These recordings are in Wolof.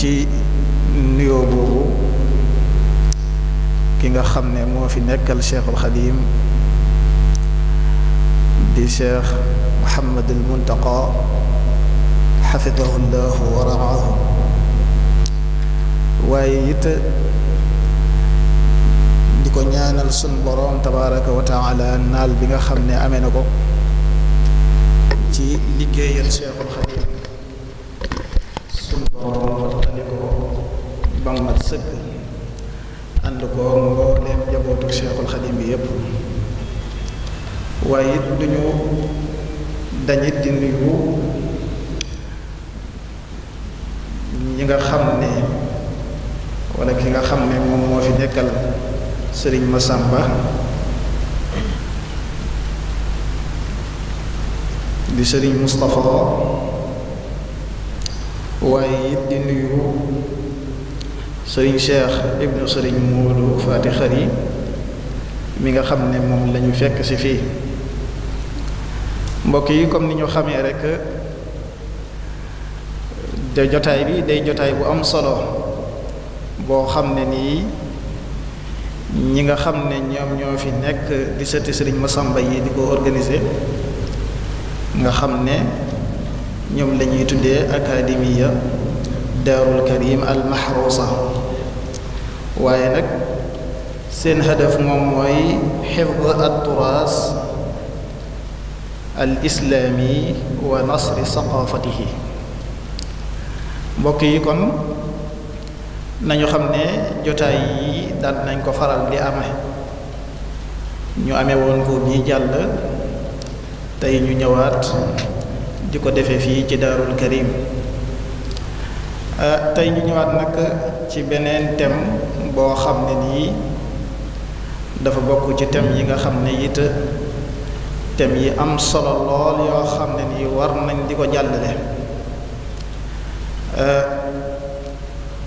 ci nuyoo boobu ki nga xam ne moo fi nekkal Cheikhul Xadim di Cheikh Muhammadul Muntaqa xafidahullahu wa raahu waaye it di ko ñaanal sun boroom tabaaraka wa taala naal bi nga xam ne amee na ko ci liggéeyal Cheikhul Xadim sun boroom ba mu mat sëkk ànd ko mbooleem jabootu Seexul Xadim bi yépp waaye it duñu dañit di nuyu ñi nga xam ne walla ki nga xam ne moom moo fi nekkal sëriñ ma Masamba di sëriñ Moustapha waaye it di nuyu sëriñ Cheikh ibnu sëriñ Moodu Faati Xari mi nga xam ne moom lañu fekk ci fii mbokk yi comme ni ñu xamee rek de jotaay bi day jotaay bu am solo boo xam ne nii ñi nga xam ne ñoom ñoo fi nekk di sëti ma Masamba yi di ko organiser nga xam ne ñoom lañuy tuddee académie ya daarul karim al mahrusa waaye nag seen hadaf moom mooy xifd al turaas al islaami wa nasri saqafatihi mbokk yi kon nañu xam ne jotaay yi daan nañ ko faral di ame ñu amewoon woon ko bii jàll tey ñu ñëwaat di ko defee fii ci daarul karim ah, tey ñu ñëwaat nag ci beneen thème boo xam ne nii dafa bokk ci thème yi nga xam ne it thème yi am solo lool yoo xam ne nii war nañ di ko jàllale euh,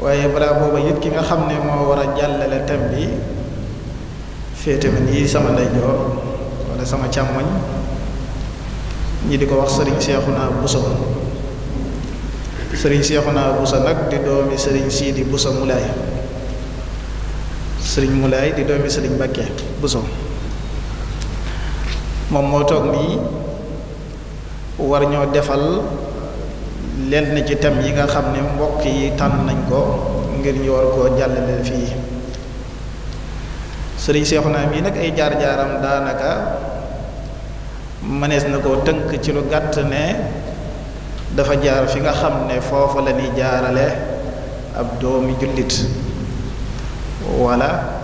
waaye balaa booba it ki nga xam ne moo war a jàllale thème bi féete ma nii sama ndeyjoor wala sama càmmoñ ñi di ko wax sëriñ seexu naa Buso sëriñ naa Buso nag di doomi sëriñ Siidi Buso Mulaay sëriñ Moulay di doomi sëriñ Mbàkke Buso moom moo toog nii war ñoo defal lenn ci thème yi nga xam ne mbokk yi tànn nañ ko ngir ñu war koo jàllale fii sëriñ Seexuna mii nag ay jaar-jaaram daanaka mënees na koo tënk ci lu gàtt ne dafa jaar fi nga xam ne foofa la ñuy jaarale ab doomi jullit wala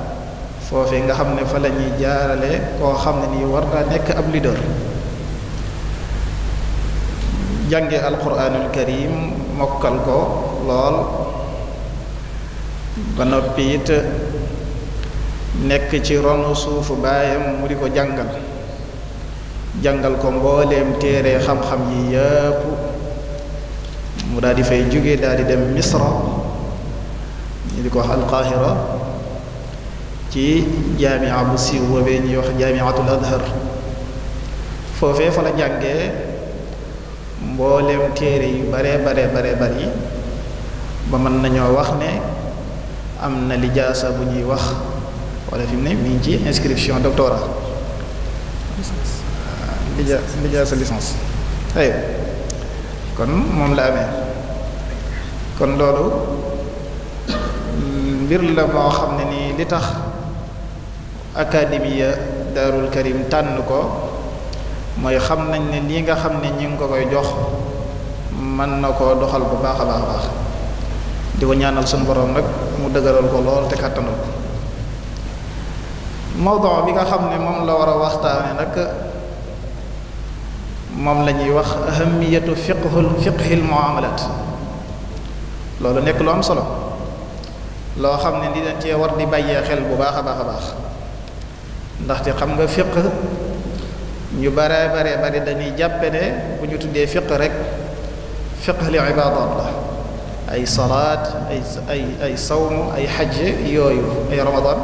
foofee nga xam ne fa la ñuy jaarale koo xam ne nii war naa nekk ab leader jànge alquranul karim mokkal ko lool ba noppi it nekk ci ronu suufu baayam mu di ko jàngal jàngal ko mbooleem téere xam-xam yi yépp mu daal fay jóge daal di dem misra ñu di ko wax ci jaamia bu siiw boobee ñuy wax jaamiatul azhar foofee fa la jàngee mbooleem téere yu bare bare bare bari ba mën nañoo wax ne am na lijaasa bu ñuy wax wala fi mu ne mi ci inscription doctorat ah, lijaasa licence ay kon moom la amee kon loolu mbir la moo xam ne nii li tax académie daarul karim tànn ko mooy xam nañ ne lii nga xam ne ñu ngi ko koy jox mën na koo doxal bu baax a baax a baax di ko ñaanal suñu borom nag mu dëgëral ko lool te kàttanal ko nga xam ne moom la war a waxtaane nag moom la ñuy wax ahamiyatu fiqhul fiqhil muamalat loolu nekk lu am solo loo xam ne dina cee war di bàyyee xel bu baax a baax a baax ndaxte xam nga fiq ñu bare bare bari dañuy jàppe bu ñu tuddee fiq rek fiq li ibaadaat la ay salaat ay ay ay sawm ay xaj yooyu ay ramadan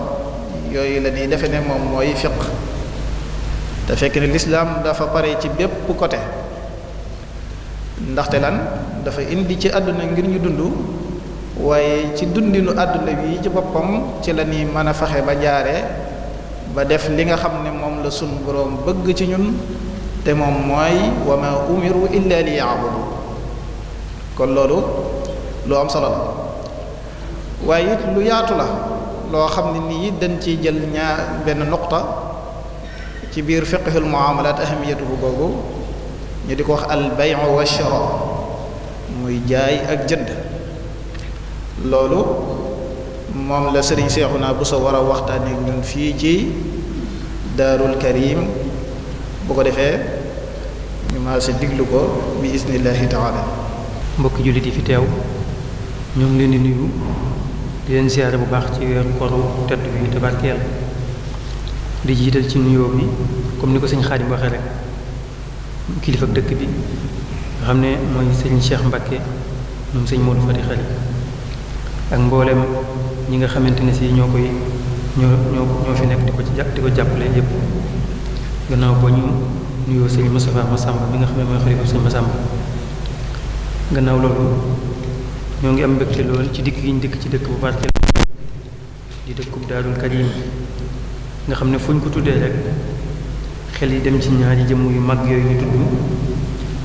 yooyu la defe ne moom mooy fiq te fekk ne lislaam dafa pare ci bépp côté ndaxte lan dafa indi ci àdduna ngir ñu dund waaye ci dundinu àdduna bi ci boppam ci la ñuy mën a faxe ba jaare ba def li nga xam ne moom la sunu boroom bëgg ci ñun te moom mooy wa ma umiru illa li yaabudu kon loolu lu am solo la waaye it lu yaatu la loo xam ne nii dañ ci jël ñaar benn nuqta ci biir fiqhul muamalat ahamiyatuhu googu ñu di ko wax al bay' wa shira muy jaay ak jënd loolu moom la sëriñ Seexuna Buso war a waxtaane ak ñun fii ci daarul karim bu ko defee ñu maa si diglu ko bi isnillahi taala mbokki jullit yi fi teew ñoo ngi leen di nuyu di leen siyaare bu baax ci weeru koru tedd bi jiital ci nuyoo bi comme ni ko sëñ Xaadim waxee rek kilifa dëkk bi nga xam ne mooy sëñ Cheikh Mbakke moom sëñ Modou Fati Xali ak mboolem ñi nga xamante ne si ñoo koy ñoo ñoo fi nekk di ko ci di ko jàppale yépp gannaaw ba ñu nuyoo sëñ ma Massamba bi nga xam ne mooy xalifa sëñ Massamba gannaaw loolu ñoo ngi am mbégte lool ci dikk yi ñu dikk ci dëkk bu barkeel di dëkkub Daarul Karim nga xam ne fu ñu ko tuddee rek xel yi dem ci ñaari jëmm yu mag yooyu ñu tudd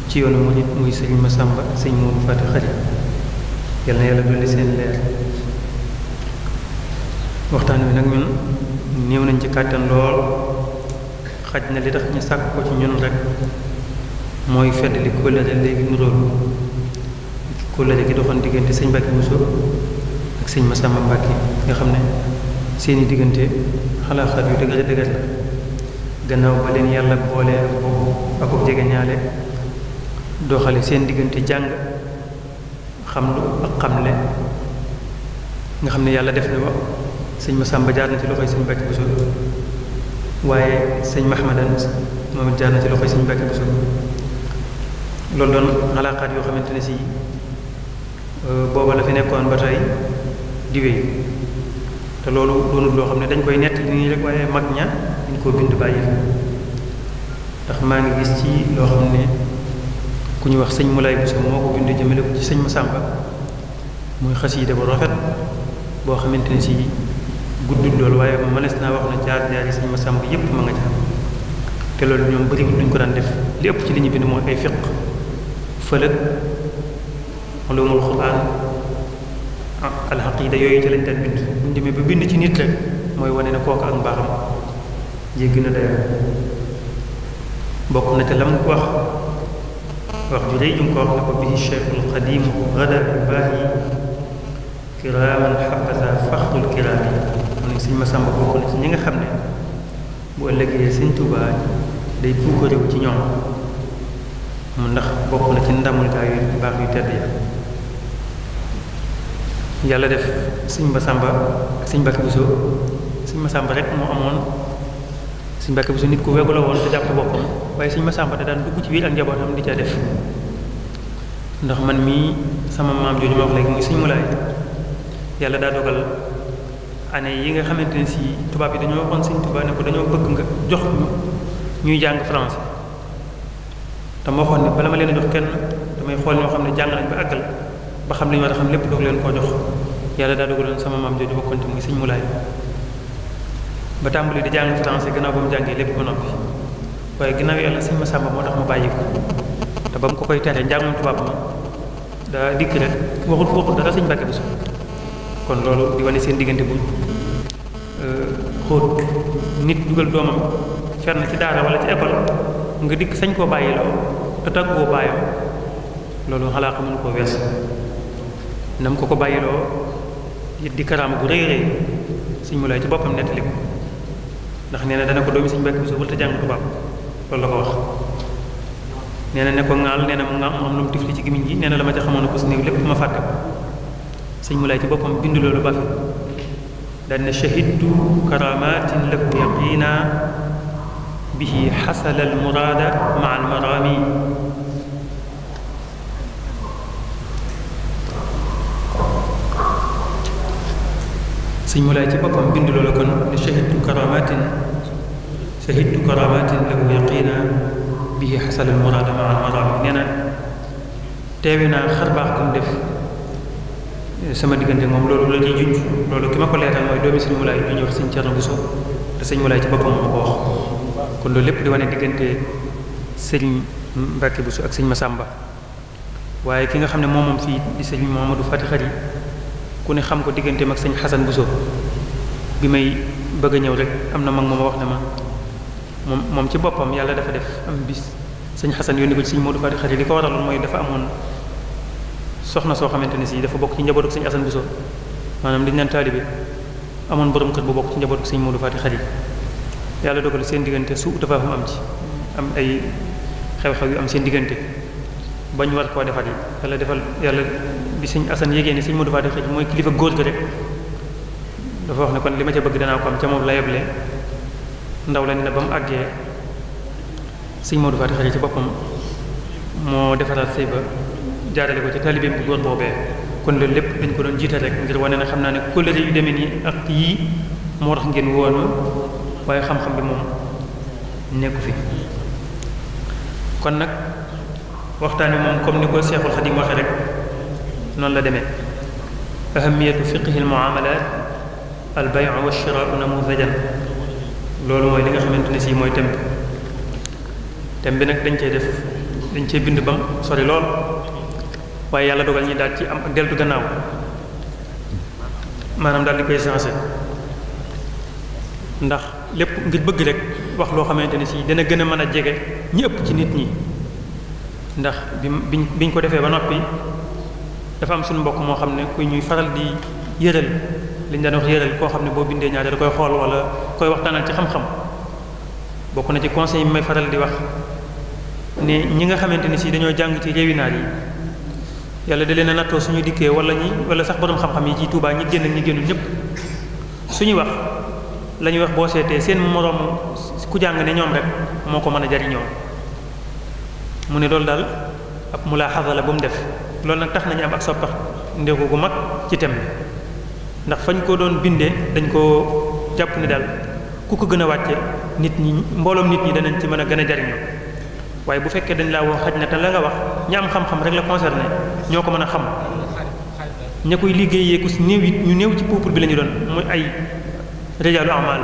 ci yoonu mu sëñ Massamba ak sëñ Moodu Faati Xari yal na yàlla dolli seen leer waxtaan wi nag ñun néew nañ ci kàttan lool xaj na li tax ñu sàkk ko ci ñun rek mooy fedd li kóllëre léegi nuróol kóllëre gi doxoon diggante sëñ Mbàkke Buso ak sëñ Masamba Mbàkke nga xam ne seeni diggante xalaaxaat yu dëgër dëgër la gannaaw ba leen yàlla boole ak boobu jege ñaale doxale seen diggante jàng xam lu ak xamle nga xam ne yàlla def na ba sëñ ma Masamba jaar na ci loxoy sëñ Mbàkke Buso waaye sëñ Mahmadan moom it jaar na ci loxoy sëñ Mbàkke Buso loolu doon alaqaat yoo xamante ne si euh, booba la fi nekkoon ba tey di te loolu doonul loo xam ne dañ koy nett li nii rek waaye mag ña ñu koo bind bàyyi ndax maa ngi gis ci loo xam ne ku ñu wax sëñ Moulay Bousso moo ko bind jëmale ko ci sëñ Masamba muy xasiida bu rafet boo xamante ne si guddul loolu waaye mënees naa wax na jaar jaar yi sëñ Masamba yépp ma nga ca te loolu ñoom bëriwul duñ ko daan def li ëpp ci li ñu bind moo ay fiq fëlëg ulumul quran alxaqida yooyu ci lañ daan bind buñ demee ba bind ci nit rek mooy wane ne kooku ak mbaaxam jéggi na dayoo bokk na te lam wax wax ju rëy jum ko wax ne ko bii cheikhul baax yi kiraaman xabasa faxrul kiraam yi mu ne sëñ Masamba bokk na ci ñi nga xam ne boo ëllëgee sëñ Touba day puukarewu ci ñoom mu ndax bokk na ci ndamul gaa baax yu tedd ya yàlla def sëñ Masamba ak sëñ Mbàkke Buso sëñ Masamba rek moo amoon sëñ Mbàkke Buso nit ku wegu la woon te jàpp boppam waaye sëñ Masamba da daan dugg ci biir ak njabootam di ca def ndax man mii sama maam jooju ma wax léegi muy sëñ Mulaay yàlla daa dogal année yi nga xamante ne sii tubaab yi dañoo waxoon sëñ Tuubaa ne ko dañoo bëgg nga jox ñuy jàng français te ma waxoon ne bala ma leen a jox kenn damay xool moo xam ne jàng nañ ba àggal ba xam li ñu war a xam lépp doog leen koo jox yàlla daa dogaloon sama maam jooju bokkoon ci muy sëñ Mulaay ba tàmbali di jàng français gannaaw ba mu jàngee lépp ba noppi waaye gannaaw yàlla sëñ Masamba moo tax ma bàyyi ko te ba mu ko koy tere njàngum tubaab ma daa dikk rek waxut waxut dara sëñ Mbàkke kon loolu di wane seen diggante bu euh, xóot nit dugal doomam fenn ci daara wala ci école nga dikk sañ koo bàyyi loo te loolu xalaa xamuñ koo wees nam ko ko bàyyiloo it di karaama gu rëy rëy suñ mu lay ci boppam nettali ko ndax nee na dana ko doomi suñ mbàkk bi su wëlta jàng tubaab loolu la ko wax nee ne ko ŋaal nee na mu nga am lu mu tifli ci gimiñ ji nee la ma ca xamoon ko si néew lépp ma fàtte sëñ mu lay ci boppam bind loolu ba fi daan ci boppam bind ne shahidtu karamatin lahu yaqina bihi xasala al ma al marami nee na teewe sama diggante moom loolu la ciy junj loolu ki ma ko leeral mooy doomi sëñ Mulaay bi ñu wax sëñ Cerno Buso so sëñ Mulaay ci boppam moo ko loolu lépp di wane diggante sëñ Mbàkke Buso ak sëñ Masamba waaye ki nga xam ne moom moom fii di sëñ du Fati Xari ku ne xam ko digganteem ak sëñ Xasan Buso bi may bëgg a ñëw rek am na mag moom wax ne ma moom moom ci boppam yàlla dafa def am bis sëñ Xasan yónni ko ci sëñ Mamadou Fati Xari li ko waraloon mooy dafa amoon soxna soo xamante ne sii dafa bokk ci njabootu sëñ Assane so maanaam li ñu naan taalibe amoon borom kër bu bokk ci njabootu siñ Modou Fati Xali yàlla dogal seen diggante su dafa am ci am ay xew-xew yu am seen diggante bañ war koo defar yi yàlla defal yàlla bi sëñ Assane yégée ni sëñ Modou Fati Xali mooy kilifa góor ga rek dafa wax ne kon li ma ca bëgg danaa ko am ca moom la yeble ndaw la ne ba mu àggee sëñ Modou Fati Xali ci boppam moo defaraat sëy ba jaarale ko ci taalibeem bu góor boobee kon loolu lépp dañ ko doon jiital rek ngir wane na xam naa ne kóllëre yu demee nii ak yii moo tax ngeen woonu waaye xam-xam bi moom nekku fi kon nag waxtaan wi moom comme ni ko Seexul Xadiim waxe rek noonu la demee ahamiyatu fiqhi al muamalat al bay'u wa shiraa'u namuzajan loolu mooy li nga xamante ne si mooy thème bi bi nag dañ cee def dañ cee bind bam sori lool waaye yàlla dogal ñi daal ci am ak deltu gannaaw maanaam daal di koy sensé ndax lépp ngir bëgg rek wax loo xamante ni sii dana gën a mën a jege ñi ci nit ñi ndax bi biñ biñ ko defee ba noppi dafa am suñu mbokk moo xam ne ku ñuy faral di yëral li daan wax yëral koo xam ne boo bindee ñaar da koy xool wala koy waxtaanal ci xam-xam bokk na ci conseil yi may faral di wax ne ñi nga xamante ni sii dañoo jàng ci réewi naar yi yàlla da leen a nattoo suñu dikkee wala ñi wala sax borom xam-xam yi ci Tuubaa ñi génn ñi génnul ñëpp suñu wax la wax boo seetee seen moroom ku jàng ne ñoom rek moo ko mën a jariñoo mu ne loolu daal ab mulaaxasa la bu mu def lool nag tax nañu am ak soppax ndéeku gu mag ci tem bi ndax fañ ko doon bindee dañ koo jàpp ne daal ku ko gën a wàcce nit ñi mbooloom nit ñi danañ ci mën a gën a jariñoo waaye bu fekkee dañ laa woo xaj na te la nga wax ñi am xam-xam rek la concerné ñoo ko mën a xam ña koy liggéeyee ku si néew it ñu néew ci peuple bi la doon mooy ay rijaalu amal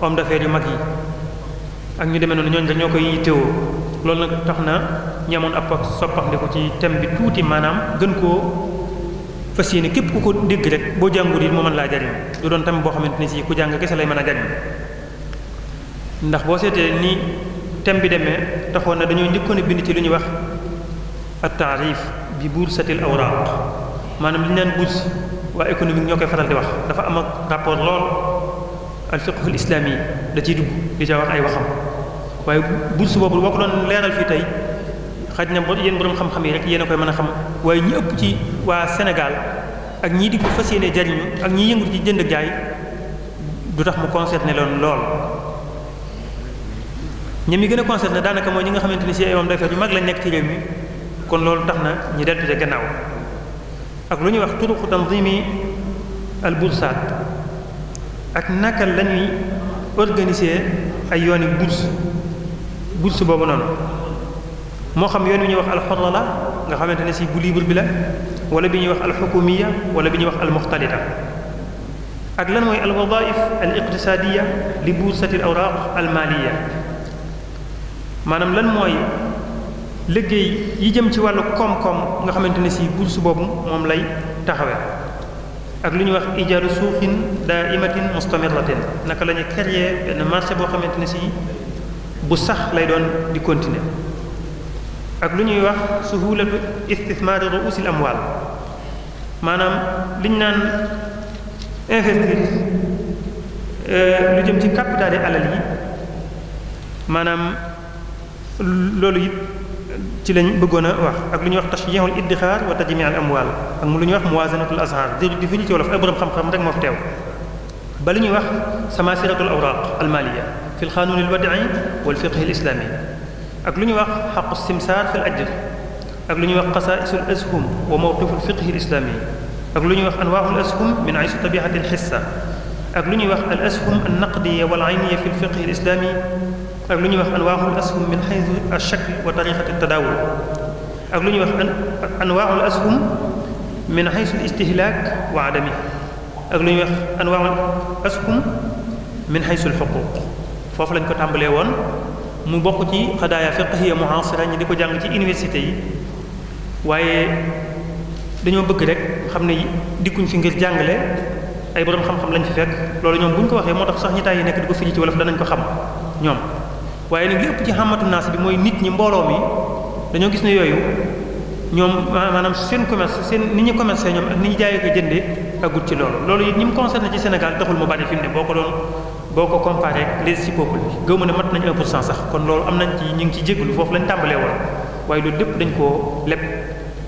homme d'affaires yu mag yi ak ñu demee noonu ñooñu dañoo koy yittewoo lool nag tax na ñi amoon ab soppandiku ci thème bi tuuti maanaam gën koo fas yéene képp ku ko dégg rek boo jàngut yi mu mën laa jariñ lu doon thème boo xamante ne si ku jàng kese lay mën a jariñ ndax boo seetee ni thème bi demee taxoon na dañoo njëkkoon a bind ci lu ñuy wax ak taarif bi bursatil awraaq maanaam li ñu naan bourse waa économique ñoo koy faral di wax dafa am ak rapport lool al fiqhul islaami yi da ciy dugg di ca wax ay waxam waaye bourse boobu boo ko doon leeral fii tey xaj na bo yéen borom xam-xam yi rek yéen a koy mën a xam waaye ñi ëpp ci waa Sénégal ak ñii di ko fas jariñu ak ñi yëngu ci jënd jaay du tax mu concerné loon lool ñoom yi gën a concerné daanaka mooy ñi nga xamante ni si ay moom day mag lañ nekk ci réew mi kon loolu tax na ñu deltu ca gannaaw ak lu ñuy wax turuqu tanzimi al bursaat ak naka la ñuy organiser ay yooni bourse bourse boobu noonu moo xam yoon bi ñuy wax alxorra la nga xamante ne si bu libre bi la wala bi ñuy wax alxukumiya wala bi ñuy wax almuxtalita ak lan mooy alwadaif al iqtisadiya li bursati al awraq al maliya maanaam lan mooy liggéey yi jëm ci wàllu koom-koom nga xamante ne si su boobu moom lay taxawee ak lu ñuy wax ijaaru suuxin daa imatin mustamirratin naka la ñuy créer benn marché boo xamante ne si bu sax lay doon di continuer ak lu ñuy wax suhulatu istithmaari ruusil amwaal maanaam liñ naan investir euh, lu jëm ci capital yi alal yi maanaam loolu it ci lañ bëggoon a wax ak lu ñuy wax tashjiihul iddixaar wa tajmii al amwaal ak lu ñuy wax muwaazanatul azhaar di fi ñu ci wolof ay borom xam-xam rek moo fi teew ba lu ñuy wax samaasiratul awraaq al maaliya fi al qaanuun al wad'i wal fiqh al islaami lu ñuy wax xaqu simsaar fi al ajr lu ñuy wax qasaa'isul ashum wa mawqiful fiqh al islaami ak lu ñu wax anwaa'ul ashum min haysu tabiihatil xissa ak lu ñu wax al ashum an naqdiya fi al fiqh ak lu ñuy wax anwaaxul ashum min xaytu achakl ak lu ñuy wax anwaaxul ashum min xaytu istihlaak wa adami ak lu ñuy wax anwaaxul ashum min xaytu alxuquuq foofu lañ ko tàmbalee woon mu bokk ci xadaaya fiqhiya muasira ñi di ko jàng ci université yi waaye dañoo bëgg rek xam ne dikkuñ fi ngir jàngale ay borom xam-xam lañ fi fekk loolu ñoom bu ñu ko waxee moo tax sax ñi taay yi nekk di ko firi ci wolof danañ ko xam ñoom waaye nag lépp ci xamatu naas bi mooy nit ñi mbooloo mi dañoo gis ne yooyu ñoom maanaam seen commerce seen ni ñu commerce ñoom ak ni ñu jaayee ko jëndee agut ci loolu loolu it ñi mu concerné ci Sénégal taxul mu bari fi mu ne boo ko doon boo ko comparé les ci peuple bi gëw ne mat nañu 1 pour cent sax kon loolu am nañ ci ñu ngi ci jégalu foofu lañ tàmbalee woon waaye loolu lépp dañ koo leb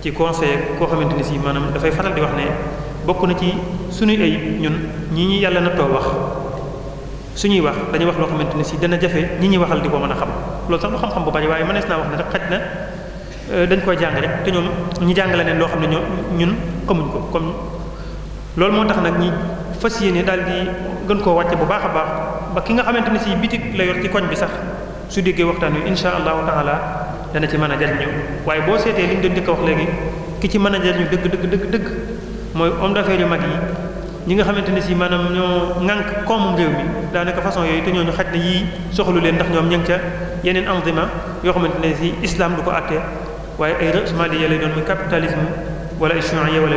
ci conseil koo xamante ni si maanaam dafay faral di wax ne bokk na ci suñuy ay ñun ñi ñi yàlla na too wax su ñuy wax dañuy wax loo xamante ne si dana jafe ñi ñuy waxal di ko mën a xam loolu sax lu xam-xam bu bari waaye mënees naa wax ne rek xaj na euh, dañ koy jàng rek te ñoom ñu jàng la neen loo xam ne ñoo ñun xamuñ ko comme loolu moo tax nag ñi fas yéene daal di gën koo wàcce bu baax a baax ba ki nga xamante ne si bitik la yor ci koñ bi sax su diggee waxtaan wi insha allahu taala dana ci mën a jariñu waaye boo seetee li ñu doon njëkk a wax léegi ki ci mën a jariñu dëgg dëgg dëgg dëgg mooy homme d'affaires yu mag yi ñi nga xamante ne si maanaam ñoo ŋànk koomu réew mi daanaka façon yooyu te ñoo ñu xaj na yii soxalu leen ndax ñoom ña ca yeneen endima yoo xamante ne si islam du ko àttee waaye ay rësmaliya lay doon muy capitalisme wala ay chuiya wala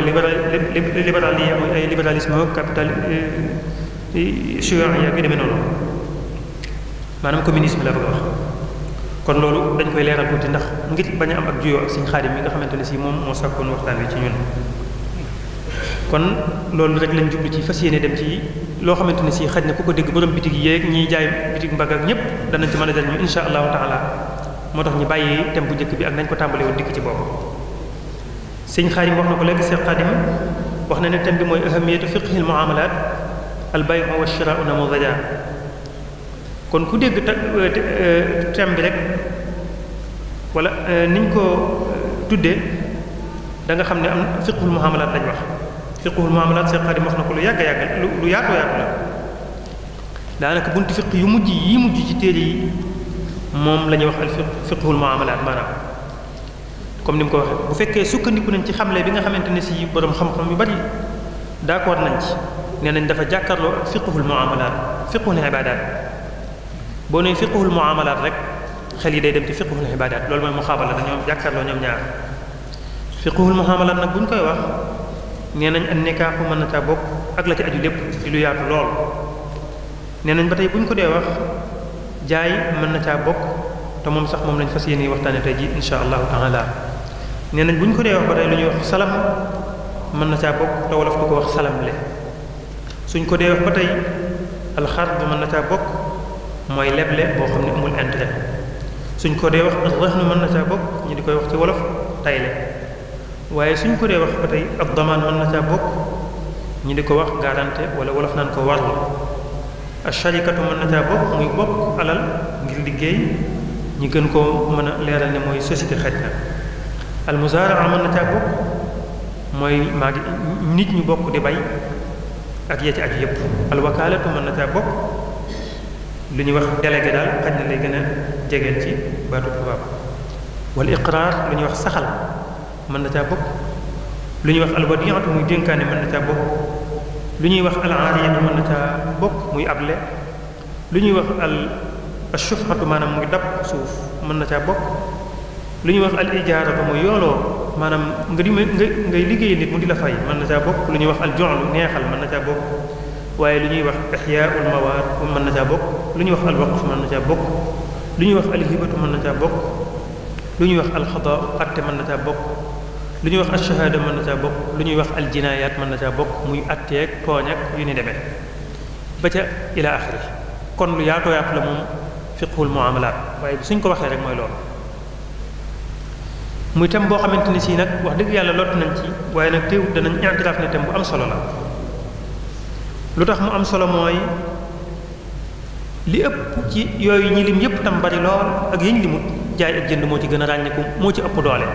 libéraliya muy ay libéralisme capital chuiya eh, eh, yu demee noonu maanaam communisme la bëgg a wax kon loolu dañ koy leeral tuuti ndax ngir bañ am ak juyoo ak suñ xaadim mi nga xamante ne si moom moo sàkkoon waxtaan wi ci ñun kon loolu rek lañ jublu ci fas yéene dem ci loo xamante ne si xaj na ku ko dégg borom bitig yéeg ñiy jaay bitig mbagg ak ñëpp danañ ci man a jariñu insha allahu moo tax ñu bàyyi tem bu njëkk bi ak nañ ko tàmbalee woon dikk ci boobu sëñ Xaadim wax na ko léegi Seex Xaadim wax na ne tem bi mooy ahamiyatu fiqhil muamalat al bay' wa shiraa'u namudaja kon ku dégg euh, tem euh, bi rek wala euh, niñ ko tuddee da nga xam ne am fiqhul muamalat lañ wax fiqhul muamalat Seex Xaadim wax na ko lu yàgg yàgg lu lu yaatu la daanaka buntu fiq yu mujj yi mujj ci téere yi moom la ñuy wax al fiqhul muamalat maanaam comme ni mu ko waxee bu fekkee sukkandiku nañ ci xamle bi nga xamante ne si borom xam-xam yu bari d'accord nañ ci nee nañ dafa jàkkaarloo ak fiqhul muamalat fiqhul ibadat boo nee fiqhul muamalat rek xel yi day dem ci fiqhul ibadat loolu mooy muxaabala dañoo jàkkaarloo ñoom ñaar fiqhul muamalat nag buñ koy wax. nee nañ an mën na caa bokk ak la ci aju lépp ci lu yaatu lool nee nañ ba tey bu ñu ko dee wax jaay mën na caa bokk te moom sax moom lañ fas yéene waxtaane tey ji insha allahu taala nee nañ bu ñu ko dee wax ba tey lu ñuy wax salam mën na caa bokk te wolof du ko wax salam le suñ ko dee wax ba tey alxard mën na caa bokk mooy leble boo xam ne amul intérêt suñ ko dee wax alrahnu mën na caa bokk waaye suñ ko dee wax ba tey ak damaan mën na caa bokk ñu di ko wax garantie wala wolof naan ko warlu ak sharikatu mën na caa bokk muy bokk alal ngir liggéey ñi gën koo mën a leeral ne mooy société xaj na almusaraa mën na caa bokk mooy maa nit ñu bokk di bay ak yee ci ak yépp alwakaalatu mën na caa bokk lu ñuy wax délégué daal xaj na lay gën a jegeel ci baatu tubaab wala iqraar lu ñuy wax saxal mën na caa bokk lu ñuy wax alwadiyatu muy dénkaane mën na caa bokk lu ñuy wax al aariyatu caa bokk muy able lu ñuy wax al ashufatu maanaam muy dab suuf mën na caa bokk lu ñuy wax al ijaaratu muy yooloo maanaam nga di ngay liggéey nit mu di la fay mën na caa bokk lu ñuy wax al joxlu neexal mën na caa bokk waaye lu ñuy wax ixyaaul mawaat mën na caa bokk lu ñuy wax al waqf mën na caa bokk lu ñuy wax al mën na caa bokk lu ñuy wax al xadaa atte mën na caa bokk lu ñuy wax ash-shahaada mën na caa bokk lu ñuy wax aljinaayaat mën na caa bokk muy atteeg tooñ ak yu ni demee ba ca ila axiri kon lu yaatoo yaatu la moom fiqhul muamalaat waaye suñ ko waxee rek mooy lool muy tam boo xamante ni si nag wax dëgg yàlla lott nañ ci waaye nag teewut danañ i'tiraaf ne tam bu am solo la lu tax mu am solo mooy li ëpp ci yooyu ñi lim yëpp tam bari lool ak yiñ limut jaay ak jënd moo ci gën a ràññeeku moo ci ëpp doole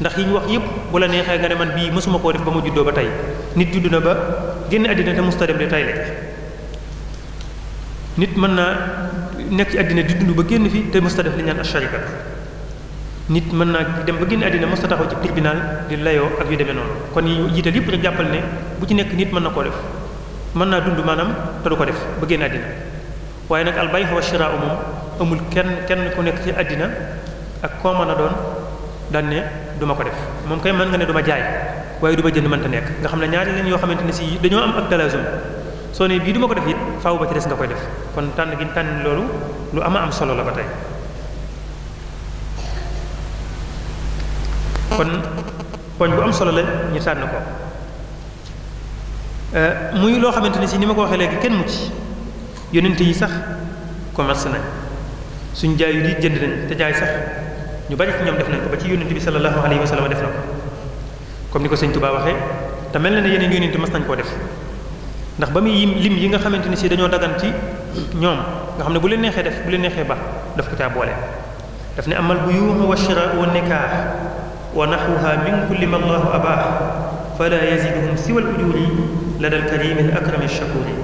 ndax yi ñu wax yëpp bu la neexee nga ne man bii mësuma koo def ba ma juddoo ba tey nit judd na ba génn àddina te musta dem de tay lekk nit mën naa nekk ci àddina di dund ba génn fi te musta def li ñaan asharika nit mën naa dem ba génn àddina musta taxaw ci tribunal di layoo ak yu demee noonu kon yi jiital yëpp rek jàppal ne bu ci nekk nit mën na koo def mën naa dund maanaam te du ko def ba génn àddina waaye nag albay wa shira moom amul kenn kenn ku nekk ci àddina ak koo mën a doon daan du ko def moom kay mën nga ne du ma jaay waaye du ma jënd mënta nekk nga xam ne ñaar lañ yoo xamante ne si dañoo am ak talaasum soo ne bii du ko def it faaw ba ci des nga koy def kon tànn gi tànn loolu lu ama am solo la ba tey poñ bu am solo la ñu tànn ko euh, muy loo xamante ne si ni ma ko waxee léegi kenn ci yonent yi sax commerce nañ suñ jaay yu di jënd nañ te jaay sax ñu bari ci ñoom def nañ ko ba ci yonent bi sallallahu alayhi wa sallam def na ko comme ni ko sëñ Touba waxee te mel na ne yeneen yonent mas nañ koo def ndax ba muy lim yi nga xamante ni si dañoo dagan ci ñoom nga xam ne bu leen neexee def bu leen neexee ba daf ko caa boole daf ne amal buyuu wa shira wa nikaah wa nahwaha min kulli ma allahu abaax fala yaziduhum siwal ujuri la dal karimi al akrami shakuri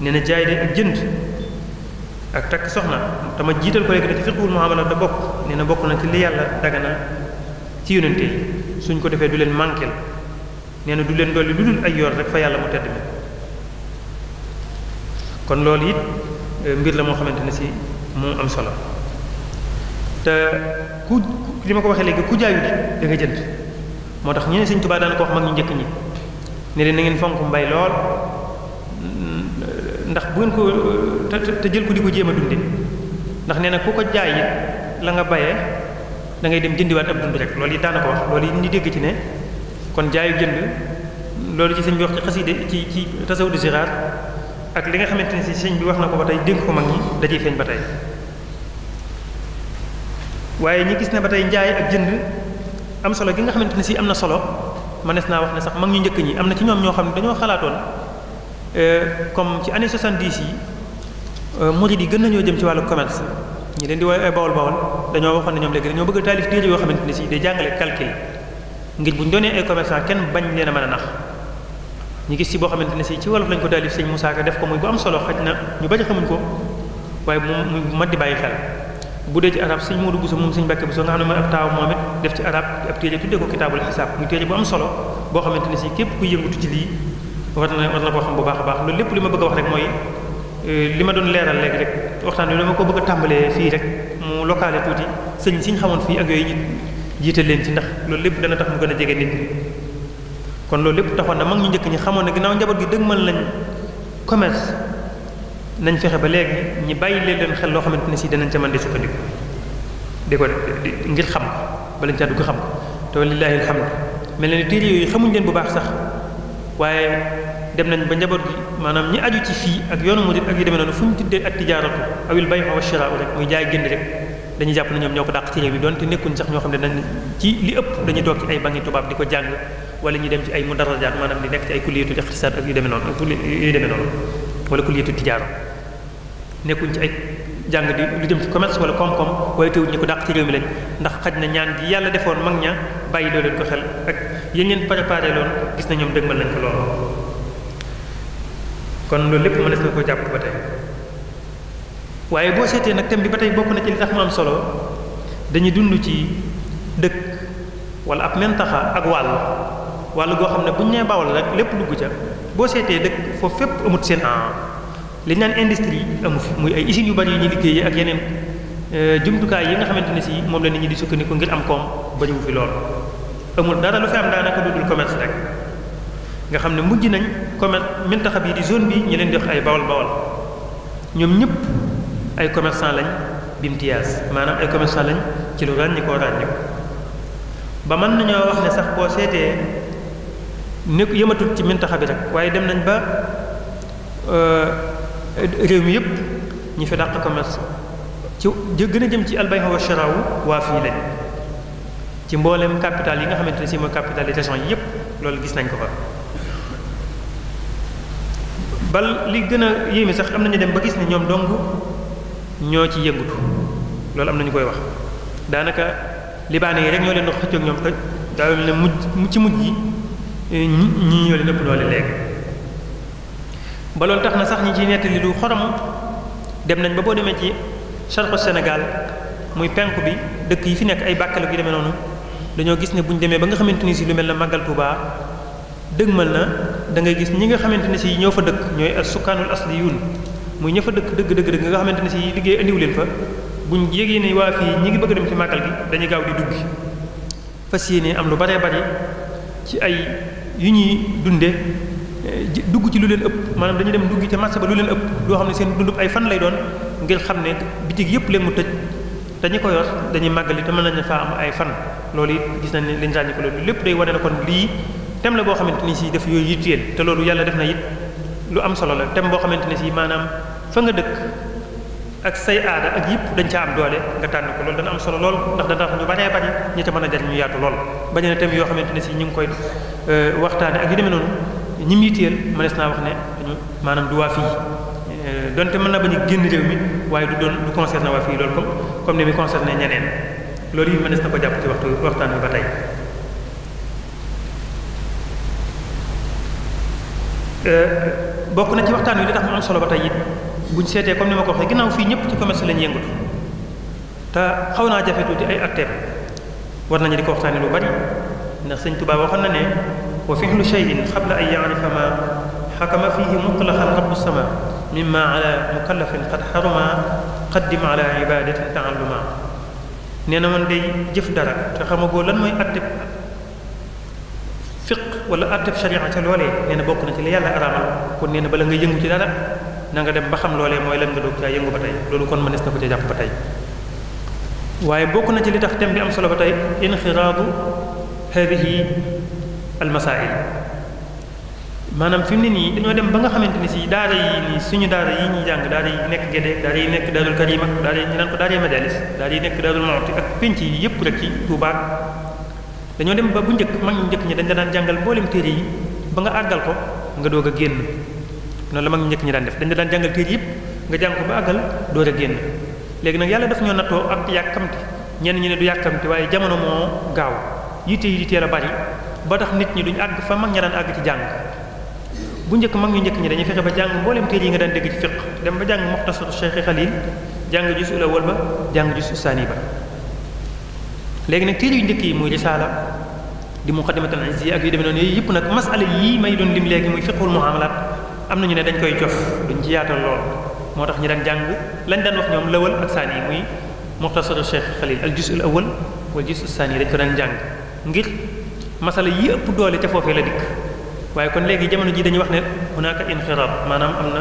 nee na jaay de ak jënd ak takk soxna dama jiital ko léegi da ci fiqhul muamala da bokk nee na bokk na ci li yàlla daganal ci yonente yi suñ ko defee du leen manquel nee na du leen dolli lu dul ay yoon rek fa yàlla mu tedd mi kon loolu it euh, mbir la moo xamante ne si mu am solo te ku li ma ko waxee léegi ku jaayut da nga jënd moo tax ñu ne Sëñ Tuubaa daan ko wax mag ñu njëkk ñi ne leen na ngeen fonk mbay lool ndax bu ko te jël ko di ko jéem a dunde ndax nee na ko ko jaay it la nga bayee dangay dem jëndiwaat ab dund rek lool yi daana ko wax loolu yi ñu dégg ci ne kon jaayu jënd loolu ci sëñ bi wax ci xaside ci ci tasawu du ak li nga xamante ne si sëñ bi wax na ko ba tey dénk ko mag ñi dajee feeñ ba tey waaye ñi gis ne ba tey njaay ak jënd am solo gi nga xamante ne si am na solo manees naa wax ne sax mag ñu njëkk ñi am na ci ñoom ñoo xam ne dañoo xalaatoon Euh, comme ci année 70 yi euh, murid yi gën nañoo jëm ci wàll commerce ñi leen di woowee ay bawol bawol dañoo waxoon ne ñoom léegi dañoo bëgg taalif téere yoo xamante ne si day jàngale calcul ngir bu ñu doonee ay commerçant kenn bañ leen a mën a nax ñu gis ci boo xamante ne sii ci wolof lañ ko taalif sëñ Moussa Ka def ko muy bu am solo xaj na ñu bañ xamuñ ko waaye mu mu mat di bàyyi xel bu ci arab sëñ Modou Bousso moom sëñ Mbàkke Bousso nga xam ne mooy ab taaw moom it def ci arab ab téere tuddee ko kitaabul xisaab bu am solo boo xamante ne si képp ku yëngatu ci lii war na war na koo xam bu baax baax loolu lépp li ma bëgg a wax rek mooy euh, li ma doon leeral léegi rek waxtaan bi dama ko bëgg a tàmbalee fii rek mu locale tuuti sëñ si ñu xamoon fii ak yooyu ñu jiital leen ci ndax loolu lépp dana tax mu gën a jege nit ñi kon loolu lépp taxoon na mag ñu njëkk ñi xamoon na ginnaaw njaboot gi dëgg mën commerce nañ fexe ba léegi ñi bàyyi leen leen xel loo xamante ne si danañ ca man di sukkandiku di ko ngir xam balañ caa dugg xam ko te lillahi alhamdu mel na ni leen bu baax sax dem nañ ba njaboot gi maanaam ñi aju ci fii ak yoonu murid ak yu demee noonu fu ñu tuddee ak tijaaratu awil bay wa shiraa'u rek muy jaay génn rek dañuy jàpp ne ñoom ñoo ko dàq ci réew mi donte nekkuñ sax ñoo xam ne dañ ci li ëpp dañuy toog ci ay bangi tubaab di ko jàng wala ñu dem ci ay mudarajaat maanaam di nekk ci ay kulliyatul iqtisaad ak yu demee noonu ak yu demee noonu wala kulliyatu tijaara nekkuñ ci ay jàng di lu jëm ci commerce wala koom-koom waaye teewuñ ñu ko dàq ci réew mi lañ ndax xaj na ñaan gi yàlla defoon mag ña bàyyi doo leen ko xel ak yéen ñeen préparé loon gis na ñoom dëgmal nañ ko loolu kon loolu lépp mënees na ko jàpp ba tey waaye boo seetee nag thème bi ba tey bokk na ci li tax mu am solo dañuy dund ci dëkk wala ab mentaxa ak wàll wàll goo xam ne bu ñu nee bawal rek lépp dugg ca boo seetee dëkk foofu fépp amut seen an li ñu naan industrie amu fi muy ay usines yu bari yu ñuy liggéeyee ak yeneen euh, jumtukaay yi nga xamante ne si moom la nit ñi di sukkandiku ngir am koom bañu fi lool amul dara lu fi am daanaka dudul commerce rek. nga xam ne mujj nañ commerce mintaxab yi di zone bi ñu leen di ay bawol bawol ñoom ñëpp ay commerçant lañ bimtiyaas maanaam ay commerçant lañ ci lu ràññi koo ràññi ko ba mën nañoo wax ne sax boo seetee ne yëmatut ci mintaxa bi rek waaye dem nañ ba euh, réew mi yëpp ñi fi dàq commerce ci gën a jëm ci albayha wa sharaaw waa fii lañ ci mbooleem capital yi nga xamante ne si mooy capital yi région yi yëpp loolu gis nañ ko fa bal li gën a yéeme sax am nañu dem ba gis ne ñoom dong ñoo ci yëngutu loolu am nañu koy wax daanaka libaane yi rek ñoo leen doon xëccoog ñoom te daa ne mujj ci mujj yi eh, ñi ñi ñoo leen ëpp tax na sax ñi ci nettali lu xorom dem nañ ba boo demee ci charqu Sénégal muy penku bi dëkk yi fi nekk ay bàkkalu gi demee noonu dañoo gis ne bu ñu demee ba nga xamante ni si lu mel na màggal Tuubaa dëgmal na da ngay gis ñi nga xamante ne si ñoo fa dëkk ñooy sukkaanul asliyuun muy ña fa dëkk dëgg dëgg dëgg nga xamante ne si liggéey andiwu leen fa bu yégee ne waa fii ñi ngi bëgg dem ci màggal gi dañuy gaaw di duggi fas yéene am lu baree bari ci ay yu ñuy dunde eh, dugg ci lu leen ëpp maanaam dañu dem dugg ci marché ba lu leen ëpp loo xam ne seen dundub ay fan lay doon ngir xam ne bitig yëpp leen mu tëj te ko yor dañuy yi te mën nañu faa am ay fan loolu gis nañ ne liñ ràññi ko loolu lépp day wane ne kon lii tem la boo xamante ni sii daf yooyu yitteel te loolu yàlla def na it lu am solo la tem boo xamante ni sii maanaam fa nga dëkk ak say aada ak yëpp dañ doole nga tànn ko loolu dana am solo lool ndax dana tax ñu baree bari ñi mën a jariñ ñu yaatu lool bañ na tem yoo xamante ne si ñu ngi koy euh, waxtaane ak demee noonu ñi mu yitteel mënees naa wax ne maanaam du waa fii euh, donte mën na bañ a génn réew mi waaye du doon du concerné waa fii loolu comme comme ni mu concerné ñeneen loolu yi mënees na ko jàpp ci waxtu waxtaan wi ba tey Euh, bokk na ci waxtaan wi li tax mu am solo ba tey it ñu seetee comme ni ma ko waxee ginnaaw fii ñëpp ci commerce lañ yëngatu te xaw naa jafe tuuti ay atteeb war nañu di ko waxtaanee lu bari ndax sëñ Tuubaa waxoon na ne wa fixlu cheyin xabla an yaarifa ma xakama fihi mutlaqan rabu sama mimma ala mukallafin qad xaruma qaddim ala ibadatin taalluma nee na man day jëf dara te xamagoo lan mooy atteeb wala atteb sharia ca loolee nee bokk na ci li yàlla araamal kon nee na bala nga yëngu ci dara nanga dem ba xam loolee mooy lan nga doog caa yëngu ba tey loolu kon mënees na ko ca jàpp ba tey waaye bokk na ci li tax thème bi am solo ba tey inxiraadu hadihi almasaail maanaam fi mu ne nii dañoo dem ba nga xamante ni si daara yi nii suñu daara yi ñuy jàng daara yi nekk Gédé daara yi nekk Daarul Karima daara yi ñu naan ko daara yi Madalis daara yi nekk Daarul Mawti yi yëpp rek ci Tuubaa dañoo dem ba bu njëkk mag ñu njëkk ñi dañ la daan jàngal mboolem téere yi ba nga àggal ko nga doog a génn noonu la mag ñu njëkk ñi daan def dañ la daan jàngal téere yëpp nga jàng ko ba àggal door a génn léegi nag yàlla daf ñoo nattoo ak yàkkamte ñenn ñu ne du yàkkamti waaye jamono moo gaaw yitte yi di teel a bari ba tax nit ñi duñu àgg fa mag ña daan àgg ci jàng bu njëkk mag ñu njëkk ñi dañu fexe ba jàng mboolem téere yi nga daan dégg ci fiq dem ba jàng muxtasar Cheikh Khalil jàng jusu lawal ba jàng jusu saani ba léegi nag téere yu njëkk yi muy risaala di muqaddimatul izziya ak yu demee noonu yooyu yëpp nag masala yii may doon lim léegi muy fiqhul muamalat am nañu ne dañ koy cof duñ ci yaatal lool moo tax ñu daan jàng lañ daan wax ñoom lawal ak saani muy muxtasaru cheikh xalil al juz al awal wal juz al saani dañ ko daan jàng ngir masala yi ëpp doole ca foofee la dikk waaye kon léegi jamono ji dañuy wax ne hunaka inxiraab maanaam am na